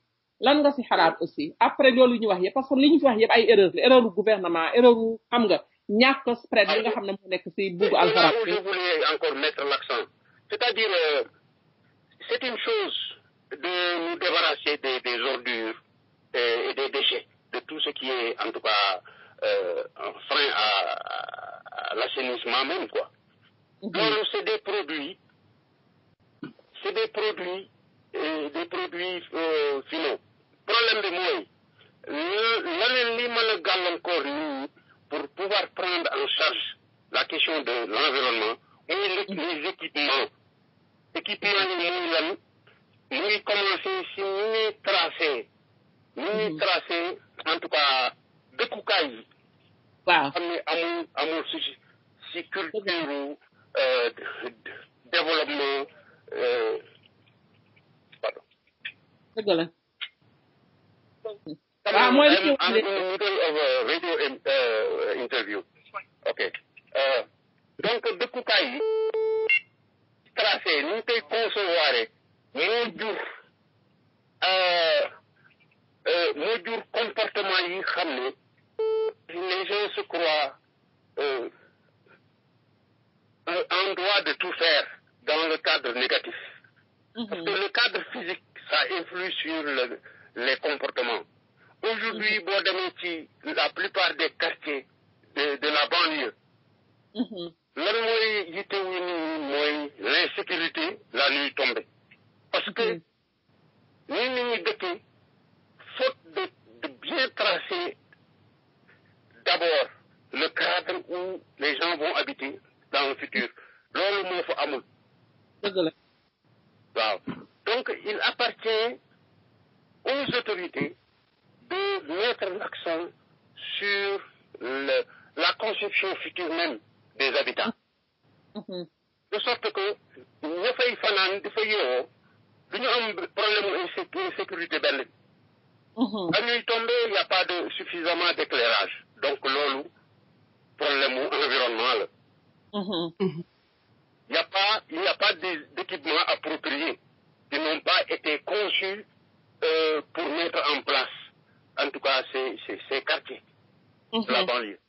lan nga si xalaat aussi après loolu ñu wax yëpp parce que li ñu fi wax yëpp ay erreur la erreur gouvernement erreur xam nga ñàkk spread li nga ah, xam ne moo nekk si je voulais encore mettre l'accent c'est-à-dire euh, c'est une chose de nous débarrasser des, des ordures euh, et des déchets de tout ce qui est en tout cas euh, un frein à, l'acheminement même, quoi. Donc, mhm. c'est des produits, c'est des produits, euh, des produits euh, finaux. Problème de moi, le encore, pour pouvoir prendre en charge la question de l'environnement, mhm. les équipements. Équipements, tracé mhm. en tout cas de waaw xam ne amul amul si si culture développement euh, pardon dëgg la waaw mooy li ñu middle koy concevoir moo jur euh, euh, moo yi xam ne les gens se croient en droit de tout faire dans le cadre négatif. Parce que mhm. le cadre physique, ça influe sur le, les comportements. Aujourd'hui, mhm. la plupart des quartiers de, la banlieue, mhm. l'insécurité, la nuit tombée. Parce que, ni faute de, de bien tracer d'abord le cadre où les gens vont habiter dans le futur donc il appartient aux autorités de mettre l'accent sur la conception future même des habitants. Mm-hmm. de sorte que nous mm-hmm. y des un problème sécurité. à nuit tombée il n'y a pas suffisamment d'éclairage donc l'eau, problème environnemental. environnement environnemental, mhm. il n'y a pas il n'y a pas d'équipement approprié qui n'ont pas été conçus euh, pour mettre en place en tout cas ces ces, quartiers. de mhm. la banlieue.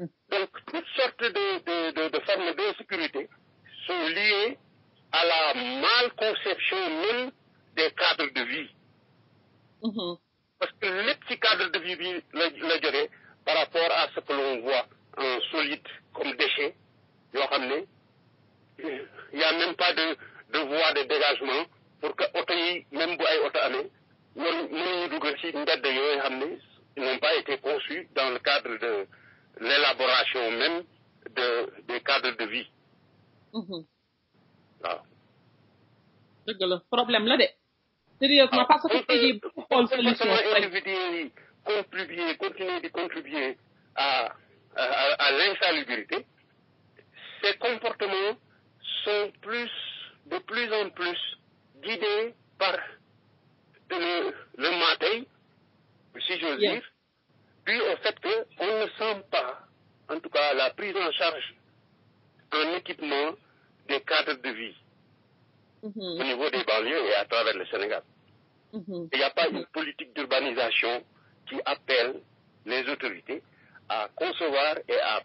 Donc toutes sortes de formes d'insécurité sont liées à la malconception même des cadres de vie. Mhm. parce que les petits cadres de vie bi par rapport à ce que l'on voit en solide comme déchet, il n'y a même pas de, de voie de dégagement pour que même ils n'ont pas été conçus dans le cadre de l'élaboration même de, des cadres de vie. que mm-hmm. le problème là. de sérieusement ah, parce que c'est jii pour solution contribuer, continuer de contribuer à, à, l'insalubrité, ces comportements sont plus, de plus en plus guidés par le, le matin, si j'ose dire, puis au fait qu'on ne sent pas, en tout cas, la prise en charge d'un équipement des cadres de vie mm-hmm. au niveau des banlieues et à travers le Sénégal. Mm-hmm. Il n'y a pas mm-hmm. une politique d'urbanisation qui appelle les autorités à concevoir et à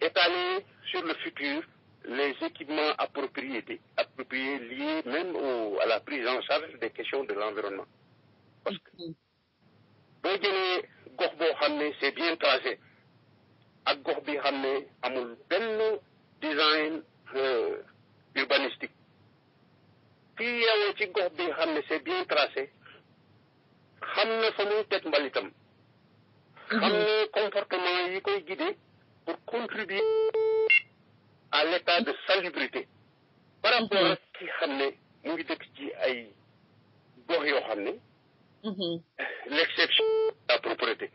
étaler sur le futur les équipements appropriés, appropriés liés même à la prise en charge des questions de l'environnement. Parce que, mhm. c'est bien tracé. ak gox il y a un benn design euh, urbanistique Puis, à ci c'est bien tracé xam na fa muy teg mbalitam mhm. xam na comportement yi koy guider pour contribuer à l'état de salubrité par mhm. rapport à ce qui ne mu ngi dëkk ci ay mhm. l'exception la propreté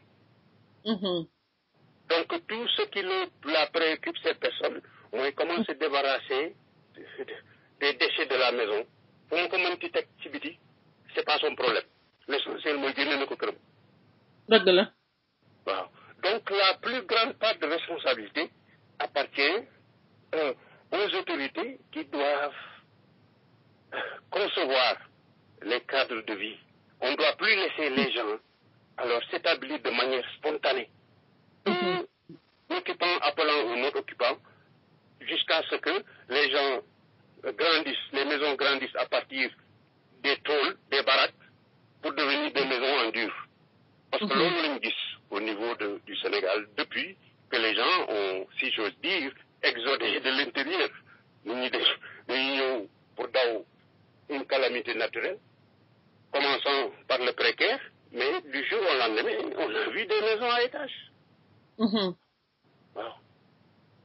donc tout ce qui la préoccupe ces personnes mooy à se débarrasser des déchets de la maison Pour mu ko mën ci teg ci biti c'est pas son problème l'essentiel le donc la plus grande part de responsabilité appartient euh, aux autorités qui doivent euh, concevoir les cadres de vie. On ne doit plus laisser les gens alors s'établir de manière spontanée. Mm-hmm. occupant appelant ou non occupant, jusqu'à ce que les gens grandissent, les maisons grandissent à partir des tôles, des baraques, pour devenir des maisons en dur. Parce que l'on l'a dit au niveau de, du Sénégal depuis que les gens ont, si j'ose dire, exodé de l'intérieur. Nous pour une calamité naturelle, commençant par le précaire, mais du jour au lendemain, on a vu des maisons à étage. Mhm.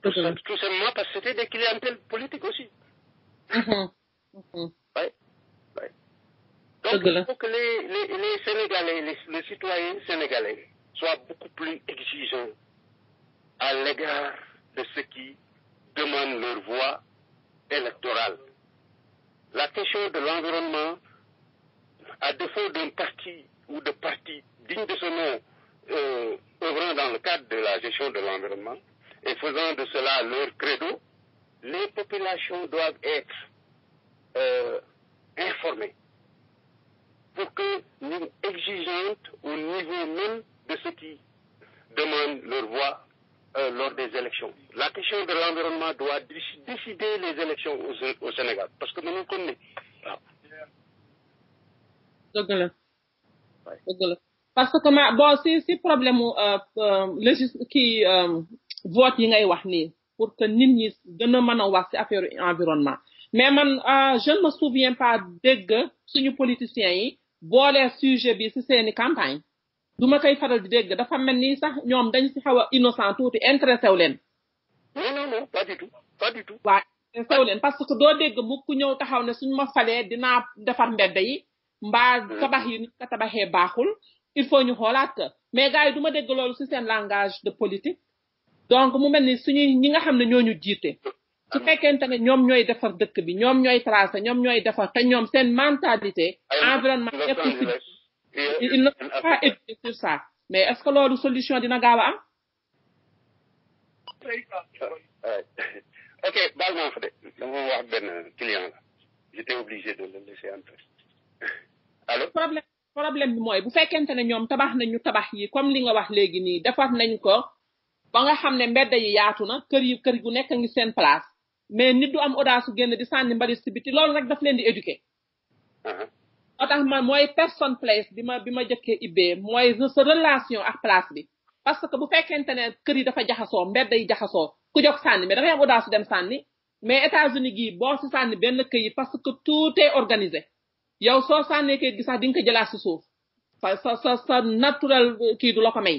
tout, simplement parce que c'était des clientèles politiques aussi. Mhm. Mhm. Donc, il faut que les, les, Sénégalais, les, citoyens sénégalais, soient beaucoup plus exigeants à l'égard de ceux qui demandent leur voix électorale. La question de l'environnement, à défaut d'un parti ou de partis dignes de ce nom, euh, œuvrant dans le cadre de la gestion de l'environnement et faisant de cela leur credo, les populations doivent être euh, informées pour que nous exigeons au niveau même de ceux qui demandent leur voix euh, lors des élections. La question de l'environnement doit décider les élections au, Sénégal, parce que nous nous connaissons. Ah. dëgg parce que bon problème euh, euh, euh, vote pour que nous ñi avoir a environnement mais ah, je ne me souviens pas de suñu politiciens yi boolee sujet bi si une campagne du ma faral di dafa melni sax ñom dañ ci xawa innocent intéressé wu non non pas du tout pas du tout. intéressé wu parce que taxaw ne suñu ma defar yi hmm. yi ni il faut ñu mais langage de politique donc mu ni ñi nga su fekkente ne dëkk bi te ñoom seen mentalité environnement il pas mais est ce que loolu solution dina gaaw a am euh, ok baal frère, fa de dama wax client j'étais obligé de le laisser entrer allo problème problème bi mooy bu tabax nañu tabax yi comme li nga wax nañ ko ba nga ne yi kër yi place mais nit du am audace su génn di sànni mbalit si biti loolu rek daf leen di éduquer. Uh-huh. moo tax man mooy personne place bi ma bi ma jëkkee ibbee mooy sa relation ak place bi. parce que bu fekkente ne kër yi dafa jaxasoo mbedd yi jaxasoo ku jox sànni mais da am audace su dem sànni mais États-Unis gii boo si sànni benn këyit parce que tout est organisé yow soo sànnee këyit gi sax di nga ko jëlaat si suuf sa sa sa sa naturel kii du la ko may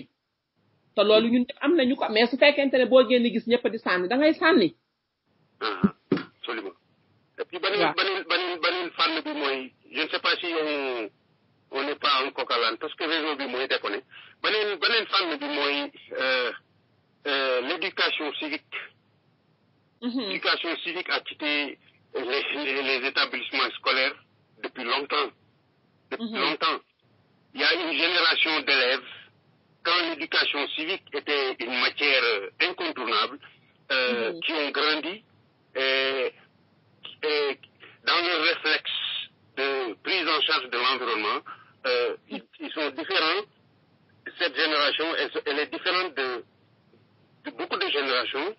te loolu ñun am nañu ko mais su fekkente ne boo génn gis ñëpp di sànni da ngay sànni. Euh, absolument. et puis je ne sais pas si on n'est pas en coca parce que réseau bi ont déconné beneen euh, l'éducation civique. Mhm. l'éducation civique a quitté les, établissements scolaires depuis longtemps. Depuis mhm. longtemps. Il y a une génération d'élèves, quand l'éducation civique était une matière incontournable, euh, mhm. qui ont grandi et, dans le réflexe de prise en charge de l'environnement, euh, ils, sont différents. Cette génération, elle, est différente de, beaucoup de générations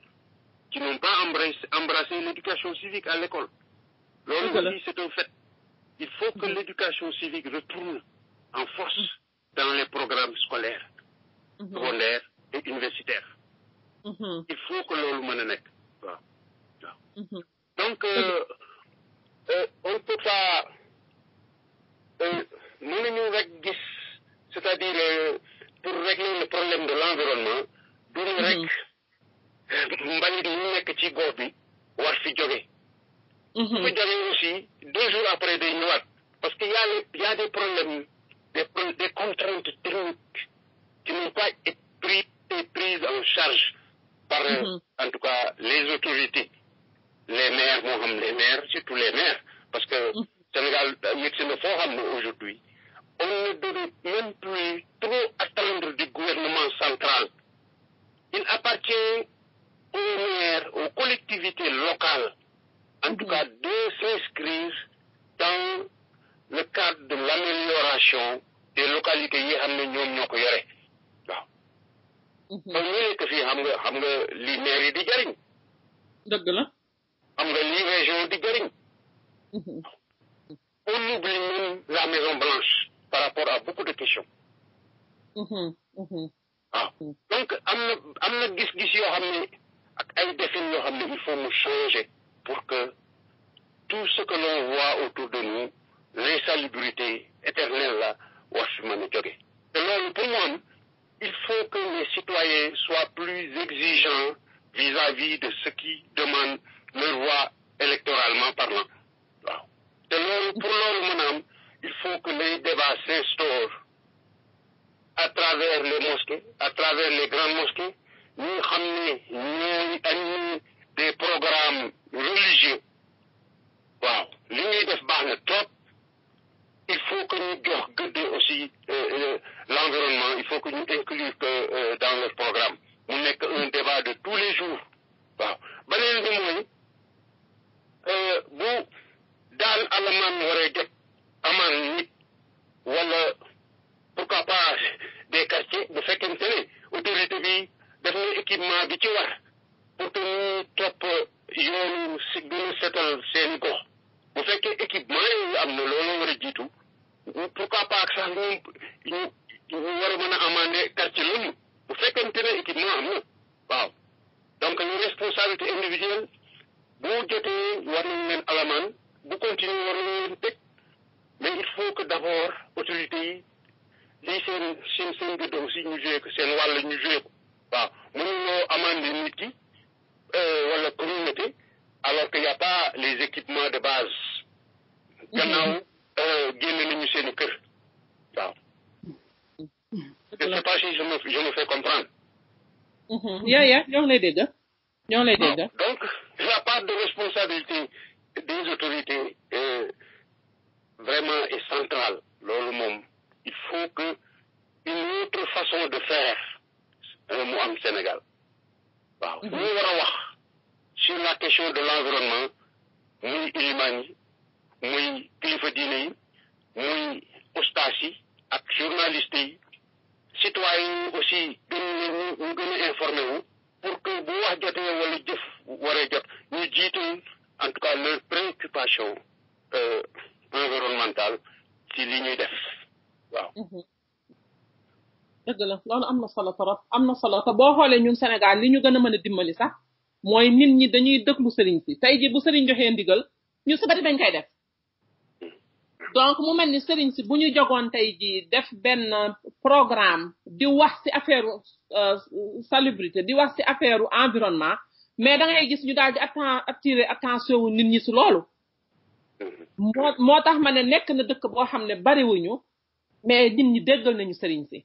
qui n'ont pas embrassé, l'éducation civique à l'école. c'est un fait. Il faut que l'éducation civique retourne en force mm. dans les programmes scolaires, mm-hmm. secondaires et universitaires. Mm-hmm. Il faut que l'on le Mhm. Donc, euh, euh, on peut pas. Euh, c'est-à-dire euh, pour régler le problème de l'environnement, nous nous mhm. rek mhm. aussi deux jours après des parce qu'il y a des problèmes des, contraintes techniques qui n'ont pas été prises en charge par en tout cas les autorités les maires les maires surtout les maires parce que mm. Sénégal c'est le forum aujourd'hui on ne doit même plus trop attendre du gouvernement central il appartient aux maires aux collectivités locales en tout cas mm-hmm. de s'inscrire dans le cadre de l'amélioration des localités yi ne am nga région di on oublie même la Maison Blanche par rapport à beaucoup de questions donc am na gis-gis il faut nous changer pour que tout ce que l'on voit autour de nous l'insalubrité éternelle soit war pour moi il faut que les citoyens soient plus exigeants vis-à-vis de ce qui demande leur voix électoralement parlant pour l'homme, il faut que les débats s'instaurent à travers les mosquées à travers les grandes mosquées ni ramener... ni did solo torop am na solo te boo xoolee ñun Sénégal li ñu gën a mën a dimbali sax mooy nit ñi dañuy dëglu sëriñ si tey ji bu sëriñ joxee ndigal ñu dañ koy def donc mu mel sëriñ si bu ñu jogoon tey ji def benn programme di wax si affaire euh, salubrité di wax si affaire environnement mais da ngay gis ñu daal di attirer attention wu nit ñi si loolu moo moo tax ma ne nekk na dëkk boo xam ne bariwuñu mais nit ñi déggal nañu sëriñ si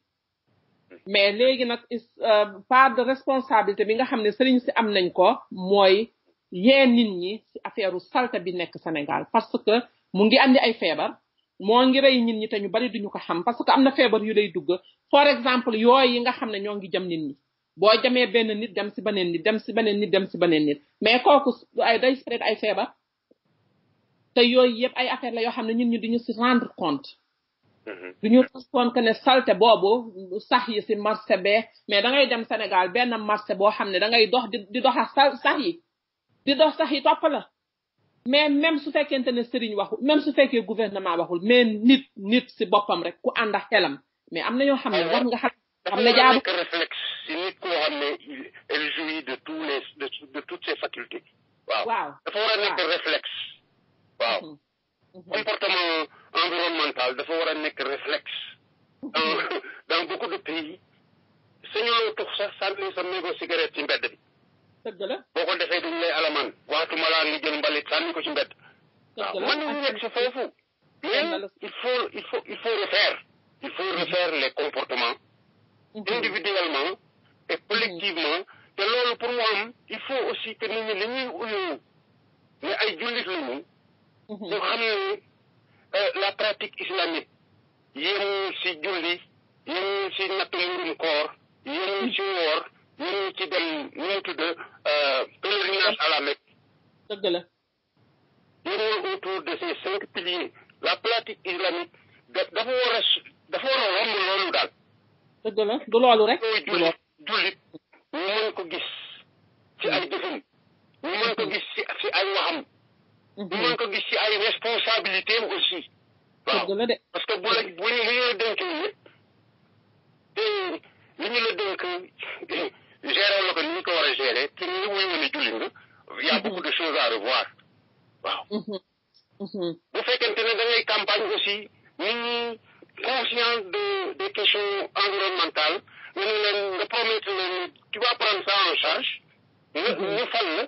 mais léegi nag euh, part de responsabilité bi nga xam ne sëriñ si am nañ ko mooy yee nit ñi ci affaire salte bi nekk Sénégal parce que mu ngi andi ay feebar moo ngi rey nit ñi tañu ñu bari duñu ko xam parce que am na feebar yu lay dugg par exemple yooyu yi nga xam ne ñoo ngi jëm nit ñi boo jamee benn nit dem ci beneen nit dem ci beneen nit dem ci beneen nit mais kooku ay day spread ay feebar te yooyu yëpp ay affaire la yoo xam ne ñun ñu duñu ci rendre compte Vi mm-hmm. nou fwant kene salte bo bo, sahye si mas sebe, me dangay jem Senegal, ben nan mas sebo hamne, dangay dido sa sahye, dido sahye tope la. Men, menm sou fek ente ne sirin wakou, menm sou fek yo gouvernema wakou, men nit, nit si bok amre, kou anda helam. Men, amne yon hamne, amne yon hamne. Fwant nan yon refleks, si nit kou hamne eljoui de tout se fakulte. Fwant nan yon refleks. Fwant. comportement mhm. environnemental dafa war réflexe. dans beaucoup de pays cigarette ci mbedd bi. il faut il faut refaire. il faut mhm. refaire les comportements. Mhm. individuellement et collectivement. pour il faut aussi que les ñi li ñuy uyu ñu mm-hmm. xamee euh, la pratique islamique yemul si julli yemul si nattu mbirum koor yemul si mm-hmm. woor yemul ci dem ñu tudd euh, pèlerinage à la la. yemul autour de ces cinq piliers la pratique islamique dafa war a dafa war a romb loolu daal. dëgg la du loolu rek. jullit jullit ñu mën ko gis ci ay jëfam ñu mën ko gis ci ay waxam. dinañ mhm. ko gis ci ay responsabilité aussi. parce que bu la bu la dénk nii te li ñu la dénk gérer la ko ni ñu ko war a gérer te ni muy mën a a mhm. beaucoup de choses à revoir waaw. Mhm. bu fekkente ne da ngay campagne aussi nit conscience de des questions environnementales nga ne leen nga promettre leen tu vas en charge. nga fal la.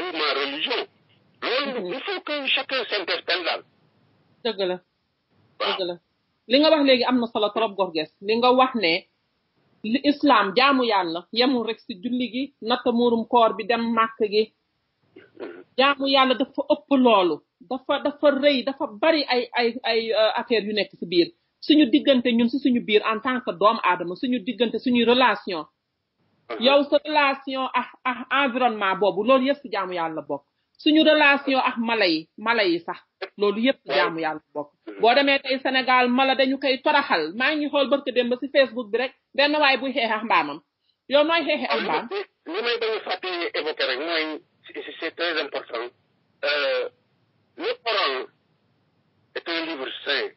se cha ling pa leg am no sala tra gorges lingnga waxne lilamjamu y la y mo rekksijunligi na to muum kò bièm maka gi ja mo ya la da oppulolu da dafa rey dawa bari ay atèjun euh, nè sibir siu digante un si sinyu bir an tan ka dom adamu seu digante siyu relasyon yow ah, ah, ah, sa relation ak ak environnement boobu loolu yëpp si jaamu yàlla bokk suñu relation ak mala yi mala yi sax loolu yëpp si jaamu yàlla bokk boo demee tey Sénégal mala dañu koy toraxal o ngi xool barka dem ba si Facebook bi rek benn waay buy xeex ak mbaamam yow nooy xeexe ak mbaam li may bañ a fàtte évoqué rek mooy c'est très important euh, le Coran est un livre saint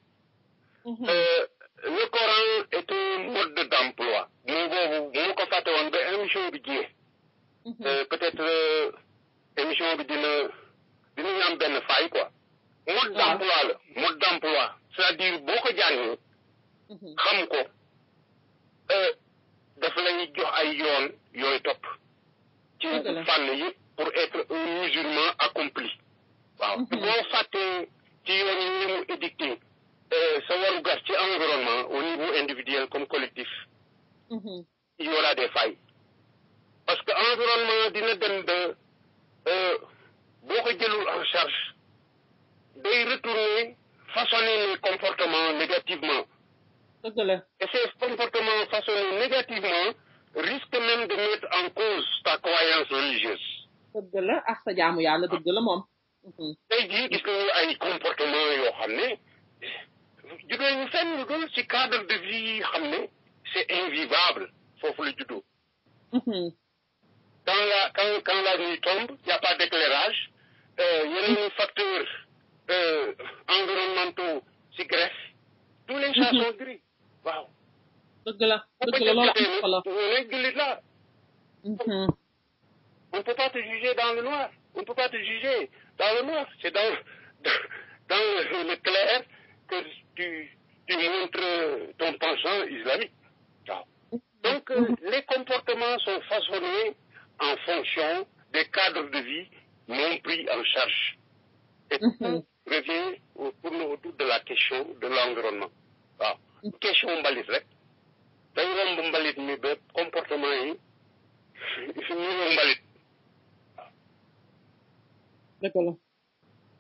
mhm. euh, le Coran est mode d'emploi moo ko fàtte woon ba émission bi jiyee peut émission bi dina dina ñu am benn faille quoi mode d'emploi la mode d'emploi c'est-à-dire boo ko jàngee mhm. xam ko euh, dafa lay jox ay yoon yooyu topp ci fànn yëpp pour être musulman accompli waaw mhm. boo fàttee ci yoon yi mu édicté va euh, nous ci environnement au niveau individuel comme collectif. Mm-hmm. il y aura des failles. parce que environnement dina dem de euh, en charge de retourner façonner les comportements négativement. et ces comportements façonnés négativement risquent même de mettre en cause ta croyance religieuse. cest la ak ah, sa jaamu yàlla mm-hmm. comportements vous fenn lu ci cadre de vie c'est invivable foofu la judo. Mhm. quand la quand quand la nuit tombe il n'y a pas d'éclairage Il y a yeneen mhm. facteurs euh, environnementaux qui grèvent, tous les chats mhm. sont gris waaw dëgg on peut pas te juger dans le noir on peut pas te juger dans le noir c'est dans dans le clair que tu montres ton ton pensant islamique. Ah. Donc, mhm. euh, les comportements sont façonnés en fonction des cadres de vie non pris en charge. Et mhm. tout revient au, autour de la question de l'environnement. Ah. Mhm. question mbalit rek valide romb mbalit comportement yi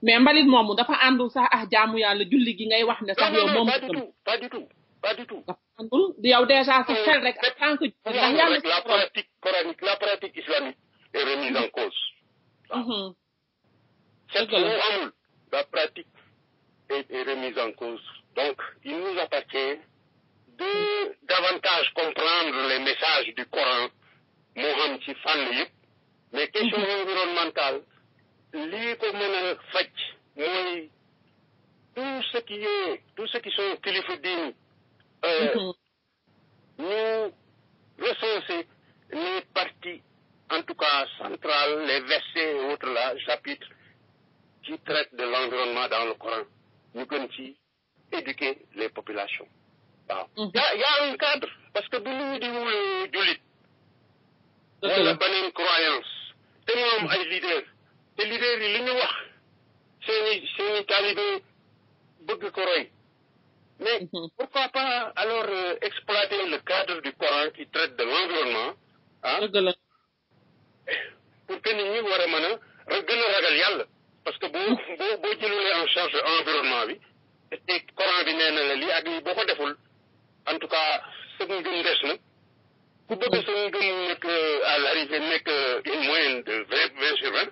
mais mbalit moomu dafa àndul sax ah jaamu yalla julli gi ngay wax ne sax yow moom. pas du tout pas du tout. dafa àndul yow déjà sa xel rek euh, en tant que. ndax yàlla la pratique coranique la pratique islamique est remise en cause. c'est que la pratique est, est remise en cause. Donc, il nous appartient de davantage comprendre les messages du Coran, Mohamed Sifan mais question mhm. environnementale, lii tout ce qui est tout ce qui sont téléphones, nous nous les parties en tout cas centrales les versets autres là chapitres qui traitent de l'environnement dans le Coran Nous devons éduquer les populations Il mhm. y a un cadre parce que nous, nous croyance tellement nous, te leader yi li ñu wax seeni seeni talibé bëgg ko roy mais mhm. pourquoi pas alors euh, exploiter le cadre du Coran qui traite de l'environnement ah pour que nit ñi war a mën a gën a ragal yàlla parce que boo boo boo jëlulee en charge environnement bi te Coran bi nee na la lii ak lii boo ko deful en tout cas sa ngëm des na ku bëgg sa ngëm nekk euh, à l'arrivée nekk euh, une moyenne de vingt vingt sur vingt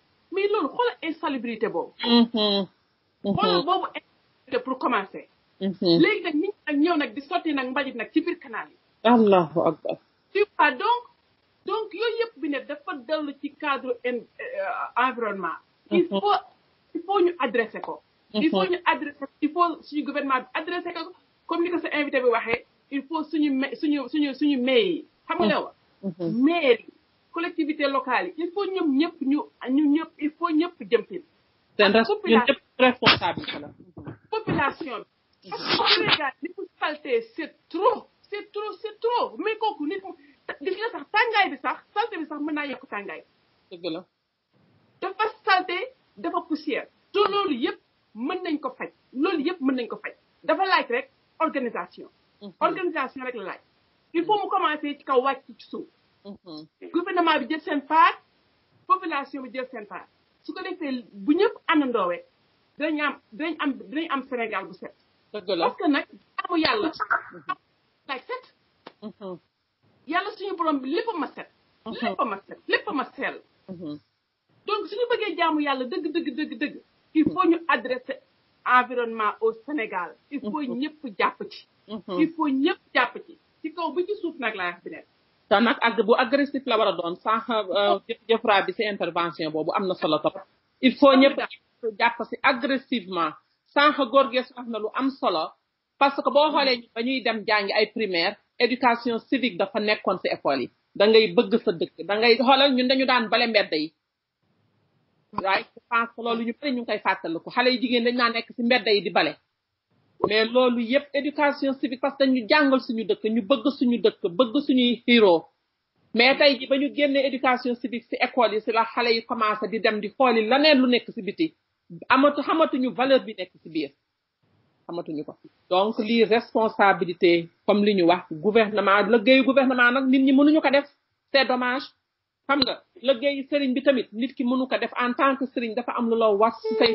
mais loolu xoolal insalubrité boobu. Mm-hmm. Mm-hmm. xoolal boobu pour commencer. Mm-hmm. léegi nag nit nag ñëw nag di sotti nag mbalit nag ci biir canal yi. allahu akbar. tu vois donc donc yooyu yëpp bi ne dafa dellu ci cadre euh, environnement. il faut il faut ñu adresser ko. il faut ñu adresser il faut suñu gouvernement bi ko comme ni ko sa invité bi waxee il faut suñu suñu suñu suñu maire yi. xam nga la wa maire yi collectivité locale il faut nous nous... ñu il faut nous... nous responsable population parce que salté trop c'est trop c'est trop mais bi sax salté bi sax dafa salté dafa poussière. ko ko dafa laaj rek organisation. Mhm. organisation rek la il faut commencer ci kaw Mm-hmm. gouvernement bi jël seen part population bi jël seen part su ko defee bu ñëpp àndandoowee dañu am dañu am dañu am Sénégal bu set. la parce que nag amu yàlla. laaj mm-hmm. set. Mm-hmm. yàlla suñu borom bi lépp ma set. lépp ma set lépp ma sell. donc suñu bëggee jaamu yàlla dëgg dëgg dëgg dëgg. il faut ñu adresser environnement au Sénégal. il faut ñëpp jàpp ci. il faut ñëpp jàpp ci ci kaw bi ci suuf nag laa bi ne te nag ak bu agressif la war a doon sànq euh, jëf Fra bi si intervention boobu am na solo trop il faut ñëpp jàpp si agressivement sànq góor gees wax na lu am solo parce que boo xoolee ñu ba ñuy dem jàngi ay primaire éducation civique dafa nekkoon si école yi da ngay bëgg sa dëkk da ngay xoolal ñun dañu daan bale mbedd yi waaye je pense que loolu ñu bëri ñu ngi koy fàttaliku xale yu jigéen dañ naa nekk si mbedd yi di bale mais loolu yëpp éducation civique parce que ñu jàngal suñu dëkk ñu bëgg suñu dëkk bëgg suñuy héros mais tey ji ba ñu génnee éducation civique ci école yi ci la xale yi commencé di dem di xooli laneen lu nekk ci biti amatu xamatuñu valeur bi nekk ci biir xamatuñu ko donc lii responsabilité comme li ñu wax gouvernement liggéeyu gouvernement nag nit ñi mënuñu ko def c'est dommage xam nga liggéeyu sëriñ bi tamit nit ki mënu ko def en tant que sëriñ dafa am lu la war ci say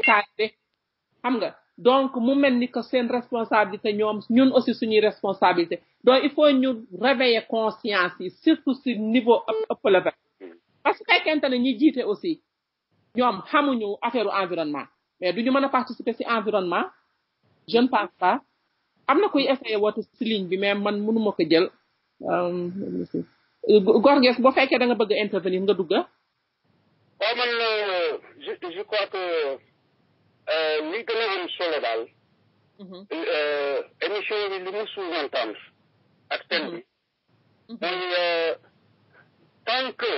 xam nga donc mu melni ni que seen responsabilité ñom ñun aussi une responsabilité donc il faut ñu réveiller conscience surtout sur niveau de l'environnement. parce que quelqu'un ne ñi jité aussi ñom xamuñu affaire environnement mais duñu nous participer ci environnement je ne pense pas amna kuy essayé woote ci ligne bi mais man mënuma ko jël euh, Gorges bo fekkee da nga bëgg intervenir nga dugga man euh, je crois que euh, li gën a am solo daal. Mhm. Euh, émission bi li ma entendre ak thème bi. Mhm. mooy mhm. Euh, tant que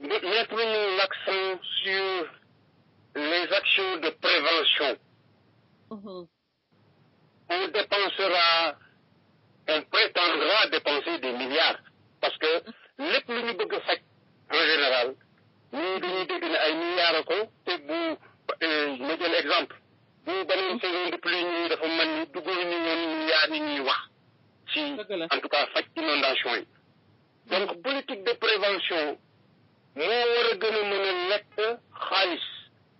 mettre nous l'accent sur les actions de prévention. On dépensera, on prétendra dépenser des milliards parce que lépp lu ñu bëgg en général nous devons dégg ne ay milliards ko te bu ma euh, un exemple bu une saison de pluie ni ni en tout cas faj inondation donc politique de prévention moo war a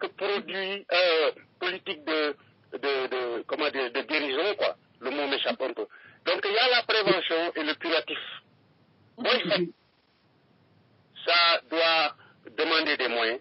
que produit euh, politique de de de comment de guérison quoi le mot m'échappe un peu donc il y a la prévention et le curatif moi ça doit demander des moyens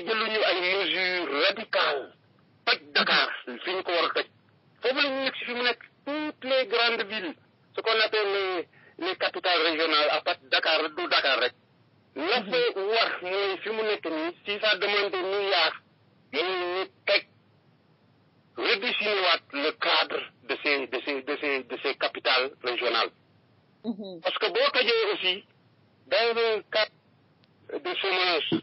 te une ay mesures radicales toj Dakar le ñu ko war a toj foofu la ñu nekk nekk toutes les grandes villes ce qu'on appelle les capitales régionales à part Dakar du Dakar rek mhm. la fa war mooy fi si ça demande milliards nous ñu teg le cadre de ces capitales régionales mhm. parce que boo tojee aussi dans le cadre de chômage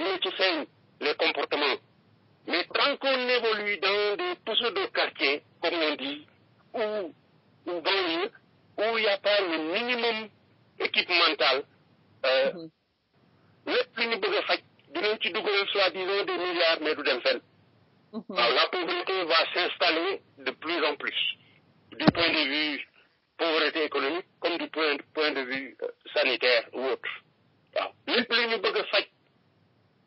dès qui les comportements. Mais tant qu'on évolue dans des ces de quartier, comme on dit, ou, ou où il n'y a pas le minimum équipemental, euh, mm -hmm. de plus de bëgg ci des milliards mais du dem mhm. la pauvreté va s'installer de plus en plus du point de vue pauvreté économique comme du point de vue euh, sanitaire ou autre plus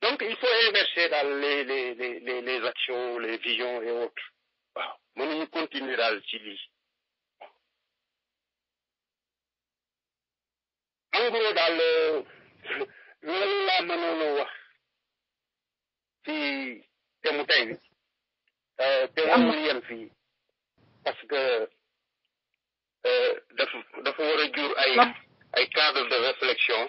Donc, il faut inverser dans les, actions, les visions et autres. Voilà. le En gros, dans le, euh, parce que euh, dafa cadre de réflexion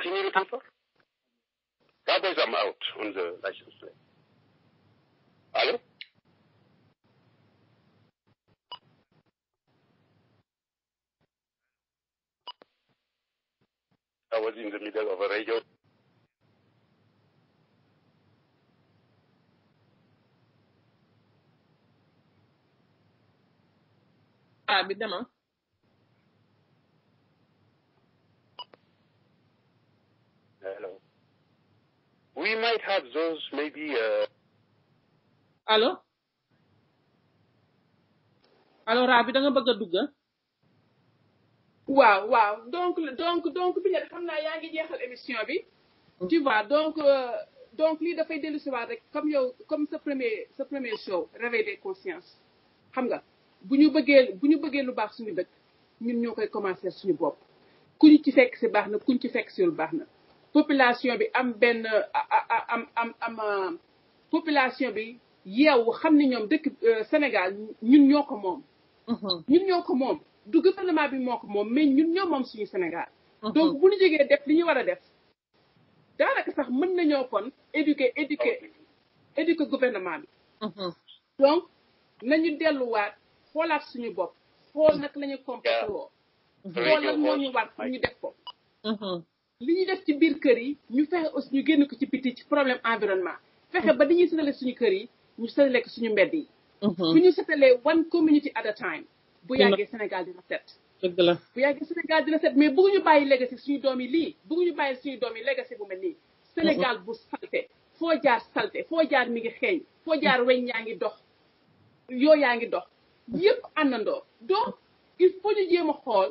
cleaning people? Rabbi am out on the license plate. Hello? I was in the middle of a radio. Ah, uh, bidama. Hello. We might have those maybe. Uh... Allô? alors Rabi, Wow da nga bëgg a donc donc donc bi nga xam émission tu vois donc euh, donc fait waat comme comme ce premier ce premier show réveil des consciences xam nga bu ñu bëggee bu commencer suñu population bi am ben am am am population bi yeewu xamni ñom ñoom euh, Sénégal ñun ñoko mom moom. Mhm. ñun ñoko mom du gouvernement bi moko mom mais ñun ñom mom suñu Sénégal. Mhm. donc bu ñu jógee def li ñu wara def daanaka sax mën nañu kon éduquer éduquer éduquer gouvernement bi. Mhm. donc nañu delluwaat xoolaat suñu bopp xool nag la ñu comporté woo. xool nag moo ñu war ñu def ko. li ñu def ci biir kër yi ñu fexe aussi ñu génn ko ci biti ci problème environnement fexe ba dañuy setale suñu kër yi ñu setale ko suñu mbedd yi bu mhm. ñu setalee one community at a time bu yàggee Sénégal dina set dëgg la bu yàggee Sénégal dina set mais bëgguñu bàyyi legacy suñu doom yi lii bëgguñu bàyyi suñu doom yi legacy bu mel nii mhm. Sénégal bu salte foo jaar salte foo jaar mi ngi xeeñ foo jaar weñ yaa ngi dox yoo yaa ngi dox yëpp àndandoo donc il faut ñu jéem xool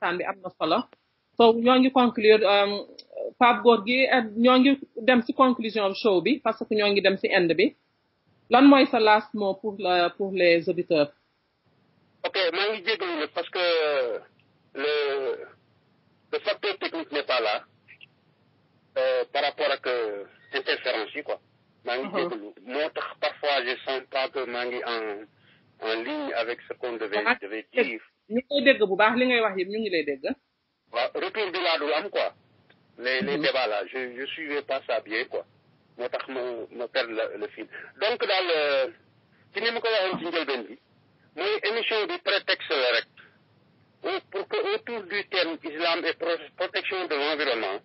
waxtaan bi am na solo so ñoo ngi conclure um, Pape Gorgui eh, ñoo ngi dem si conclusion show bi parce que ñoo ngi dem si end bi lan mooy sa last mot pour pour les auditeurs. ok maa ngi jégalu parce que euh, le le facteur technique n'est pas là euh, par rapport à euh, interférence yi quoi. maa ngi uh-huh. parfois je sens pas que maa ngi en en ligne avec ce qu'on devait devait dire ñu koy dégg bu baax li ngay wax yëpp ñu ngi lay dégg. waaw retour de la dul am quoi. les les mhm. débats là je je suivais pas ça bien quoi. moo tax ma ma perdre le le fil donc dans euh, ci ni ma ko waxoon ci njëlbeen bi mooy émission bi prétexte la rek pour que autour du terme islam et protection de l'environnement.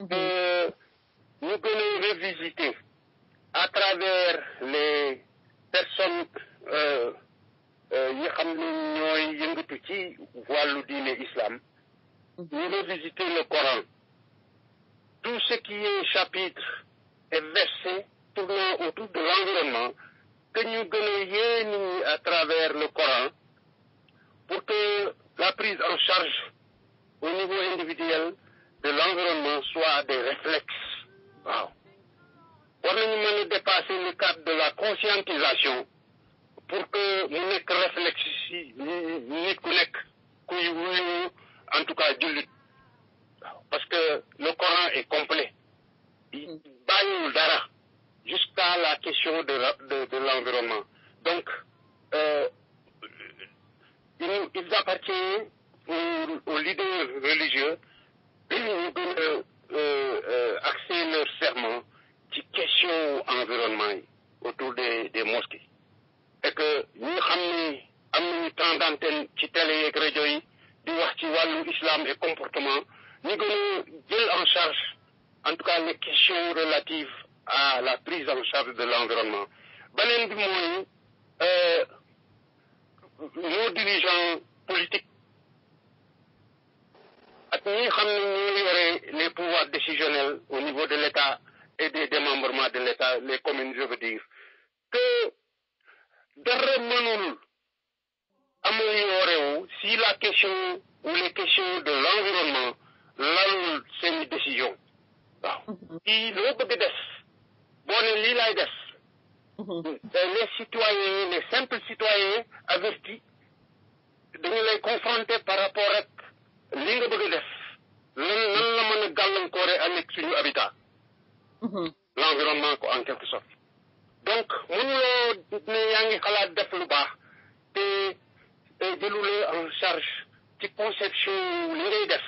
Mhm. Euh, ñu gën a revisiter à travers les personnes. Euh, nous euh, xam ne islam mhm. visiter le Coran tout ce qui est chapitre et verset tournant autour de l'environnement que nous gën à travers le Coran pour que la prise en charge au niveau individuel de l'environnement soit des réflexes Pour war nañu dépasser le cadre de la conscientisation pour que mu nekk réflexe si nit ku nekk kuy en tout cas du parce que le Coran est complet bàyyiwul dara jusqu'à la question de de l'environnement donc euh, il appartient aux, leaders religieux ñu gën a axer leur serment ci question environnement autour des des mosquées que nous avons ni am d'antenne ci télé islam et comportement Nous avons en charge en tout cas les questions relatives à la prise en charge de l'environnement Nous bi euh, nos dirigeants politiques nous avons les pouvoirs décisionnels au niveau de l'État et des démembrements de l'État les communes je veux dire que dara mënul améliorer wu si la question ou les questions de l'environnement lalul seeni décision mm-hmm. loo bëgg def boo ne lii laay def mm-hmm. mm. les citoyens les simples citoyens avertis dañu lay confronter par rapport rek li nga bëgg a lan la mën a gàllankoore avec suñu habitat mm-hmm. l'environnement ko en quelque sorte donc mënuloo ne yaa ngi xalaat def lu baax te jëlulee en charge ci conception li ngay def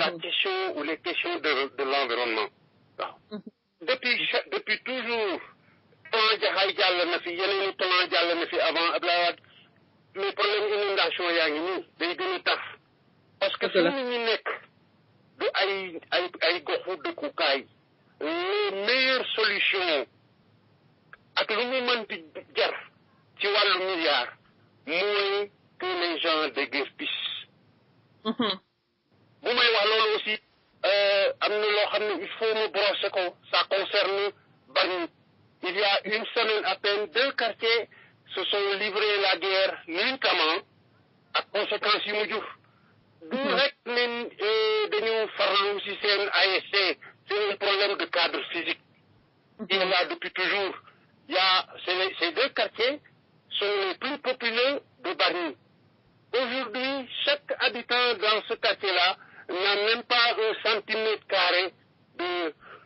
la mhm. question ou les questions de de l'environnement waaw mhm. depuis depuis toujours plan jaxaay jàll na fi yeneen i plan jàll na fi avant Abdoulaye Wade mais problème inondation yaa ngi nii day gën a tax parce que fi ñu ñi nekk du ay ay ay goxu dëkkukaay les meilleures solutions ak lu mu guerre, tu vois le milliard Moins que les gens de guerre mhm. bu may wax loolu aussi euh, il faut me brosser ko ça concerne Bargny il y a une semaine à peine deux quartiers se sont livrés la guerre uniquement à conséquence yi mu jur. du mhm. rek ne euh, dañu farlu ci seen ASC c'est un problème de cadre physique. Mhm. il y en a depuis toujours ces deux quartiers sont les plus populaires de Paris. Aujourd'hui, chaque habitant dans ce quartier-là n'a même pas un centimètre carré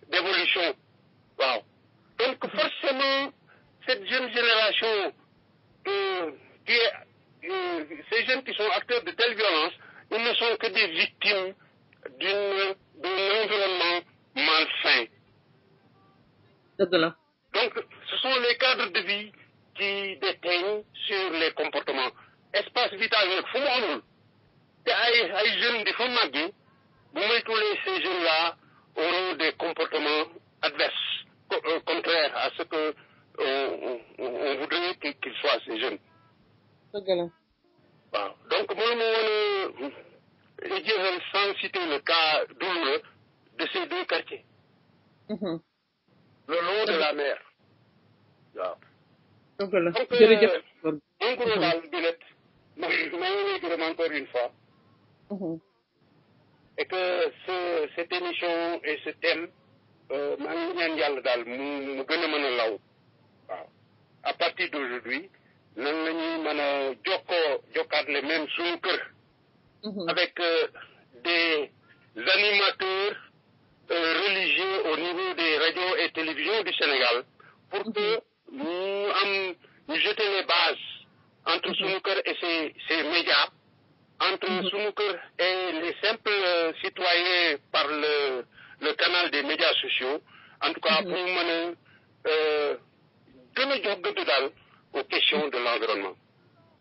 d'évolution. Wow. Donc forcément, cette jeune génération, ces jeunes qui sont acteurs de telles violences, ils ne sont que des victimes d'un environnement malsain. Donc, ce sont les cadres de vie qui déteignent sur les comportements. Espace vital, il faut Les jeunes, des fonds magiques, Vous tous ces jeunes-là auront des comportements adverses, euh, contraires à ce que euh, on voudrait qu'ils soient, ces jeunes. Donc, moi, euh, je dirais sans citer le cas douloureux de ces deux quartiers, mhm. le long de la mer waaw. donc jërëjëf donc loolu daal di leen ma ma leen gërëm encore une fois. et ce cette émission et ce thème maa ngi ñaan yàlla daal mu mu gën a mën à partir d'aujourd'hui nan la ñuy mën a jokkoo jokkaatle même suñu kër. avec eh, des animateurs eh, religieux au niveau des radios et télévisions du Sénégal pour mhm. que mu am ñu les bases entre sunu kër et ces ces médias entre sunu kër et les simples euh, citoyens par le le canal des médias sociaux en tout cas pour mën euh, gën a jox gëdd daal aux questions de l'environnement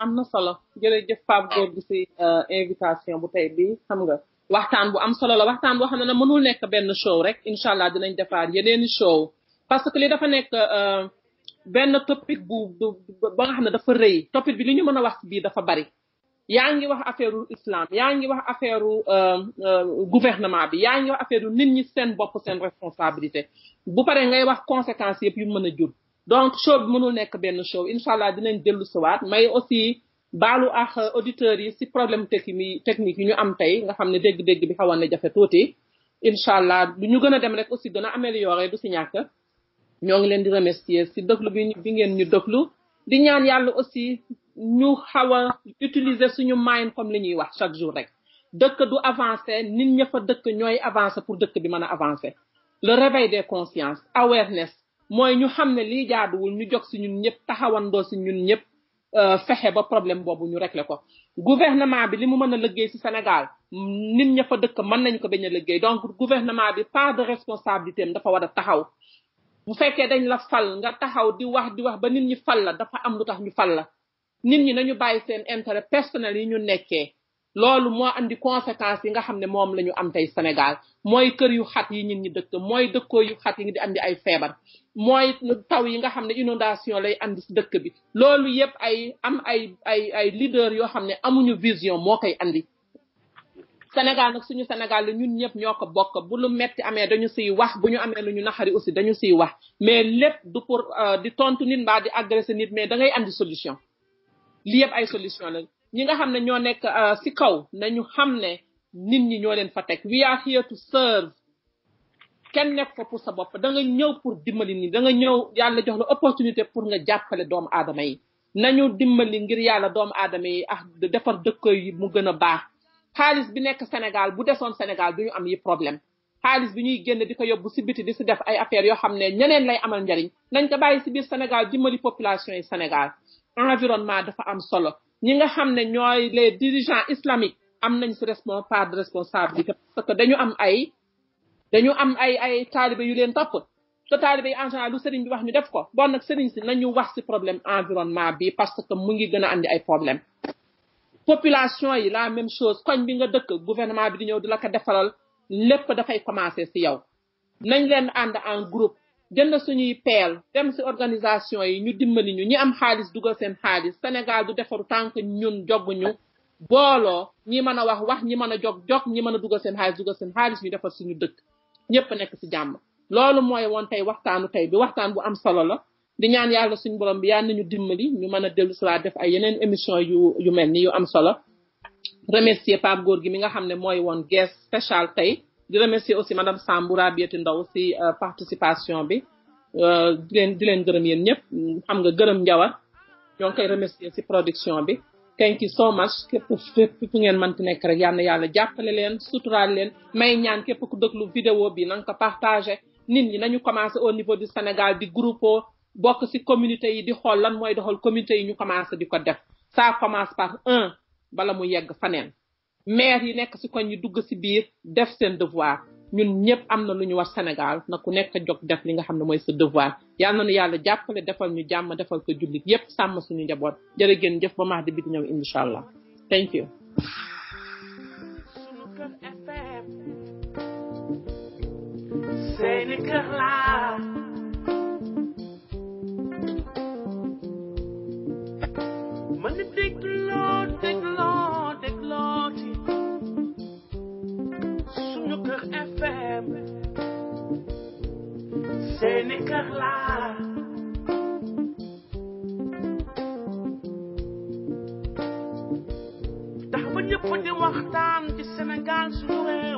amna na solo jërëjëf Pape Gorgui ah. si euh, invitation bu tey bi xam nga waxtaan bu am solo la waxtaan boo xam ne mënul nekk benn show rek incha allah dinañ defar yeneeni show parce que li dafa nekk euh, benn topic bu ba nga xam ne dafa rëy topic bi li ñu mën a wax ci dafa bari yaa ngi wax affaire u islam yaa ngi wax affaire u euh, euh, gouvernement bi yaa ngi wax affaire u nit ñi seen bopp seen responsabilité bu paree ngay wax conséquence yëpp yu mën a jur donc show bi mënul nekk benn show incha allah dinañ dellu siwaat may aussi baalu ak auditeurs yi si problème technique technique yi ñu am tey nga xam ne dégg-dégg bi xawoon na jafe tuuti incha allah du ñu gën a dem rek aussi gën a améliorer du si ñàkk ñoo ngi leen di remercier si déglu bi bi ngeen ñu déglu di ñaan yàlla aussi ñu xaw a utiliser suñu mind comme li ñuy wax chaque jour rek dëkk du avancer nit ña fa dëkk ñooy avancer pour dëkk bi mën a avancer. le réveil des consciences awareness mooy ñu xam ne lii jaaduwul ñu jog si ñun ñëpp taxawandoo si ñun ñëpp euh, fexe ba problème boobu ñu régler ko gouvernement bi li mu mën a liggéey si Sénégal nit ña fa dëkk mën nañ ko bañ a liggéey donc gouvernement bi part de responsabilité am dafa war a taxaw bu fekkee dañ la fal nga taxaw di wax di wax ba nit ñi fal la dafa am lu tax ñu fal la nit ñi nañu bàyyi seen intérêt personnel yi ñu nekkee loolu moo andi conséquence yi nga xam ne moom la ñu am tey Sénégal mooy kër yu xat yi nit ñi dëkk mooy dëkkoo yu xat yi ngi di andi ay feebar mooy taw yi nga xam ne inondation lay andi si dëkk bi loolu yépp ay am ay ay ay leader yoo xam ne amuñu vision moo koy andi Sénégal nag suñu Sénégal la ñun ñëpp ñoo ko bokk bu lu metti amee dañu siy wax bu ñu amee lu ñu naxari aussi dañu siy wax mais lépp du pour euh, di tontu nit mbaa di agressé nit mais da ngay andi solution lii yëpp ay solution la ñi nga xam ne ñoo nekk euh, si kaw nañu xam ne nit ñi ñoo leen fa teg we are here to serve kenn nekk fa pour sa bopp da nga ñëw pour dimbali nii da nga ñëw yàlla jox la opportunité pour nga jàppale doomu aadama yi nañu dimbali ngir yàlla doomu aadama yi ah defar dëkk yi mu gën a baax xaalis bi nekk Sénégal bu desoon Sénégal du ñu am yi problème xaalis bi ñuy génn di ko yóbbu si biti di si def ay affaires yoo xam ne ñeneen lay amal njariñ nañ ko bàyyi si biir Sénégal dimbali population yi Sénégal environnement dafa am solo ñi nga xam ne ñooy les dirigeants islamiques am nañ si respon part de responsabilité parce que dañu am ay dañu am ay ay taalibe yu leen topp te taalibe yi en général lu sëriñ bi wax ñu def ko bon nag sëriñ si nañu wax si problème environnement bi parce que mu ngi gën a andi ay population yi la même chose koñ bi nga dëkk gouvernement bi di ñëw di la ko defalal lépp dafay commencé si yow nañ leen ànd en groupe jënd suñuy peel dem si organisation yi ñu dimbali ñu ñi am xaalis dugal seen xaalis Sénégal du defaru tànk ñun joguñu booloo ñi mën a wax wax ñi mën a jog jog ñi mën a dugal seen xaalis dugal seen xaalis ñu defar suñu dëkk ñëpp nekk ci jàmm loolu mooy woon tey waxtaanu tey bi waxtaan bu am solo la di ñaan yàlla suñ borom bi yàlla nañu dimbali ñu mën a dellu def ay yeneen émission yu yu mel ni yu am solo remercier pape Gor gi mi nga xam ne mooy guest spécial tey di remercier aussi madame samboura bieti ndaw si euh, participation bi euh, di leen di leen gërëm yéen ñëpp xam nga gërëm njawar ñoo ngi remercier si production bi thank you so much képp fépp fu ngeen mënti nekk rek yàlla yàlla jàppale leen sutural leen may ñaan képp ku dëglu vidéo bi na nga ko partager nit ñi nañu commencé au niveau du sénégal di groupe bokk ci communauté yi di xool lan mooy doxal communauté yi ñu commencé di ko def ça commence par un bala mu yegg faneen maire yi nekk ci koñ ñu dugg ci biir def seen devoir ñun ñëpp am na lu ñu war Sénégal na ku nekk jog def li nga xam ne mooy sa devoir yal na nu yàlla jàppale defal ñu jàmm defal ko jullit yëpp sàmm suñu njaboot jërë ngeen jëf ba maax di bi di ñëw incha allah thank you se ניקח לה. tax ba ñëpp di waxtaan Sénégal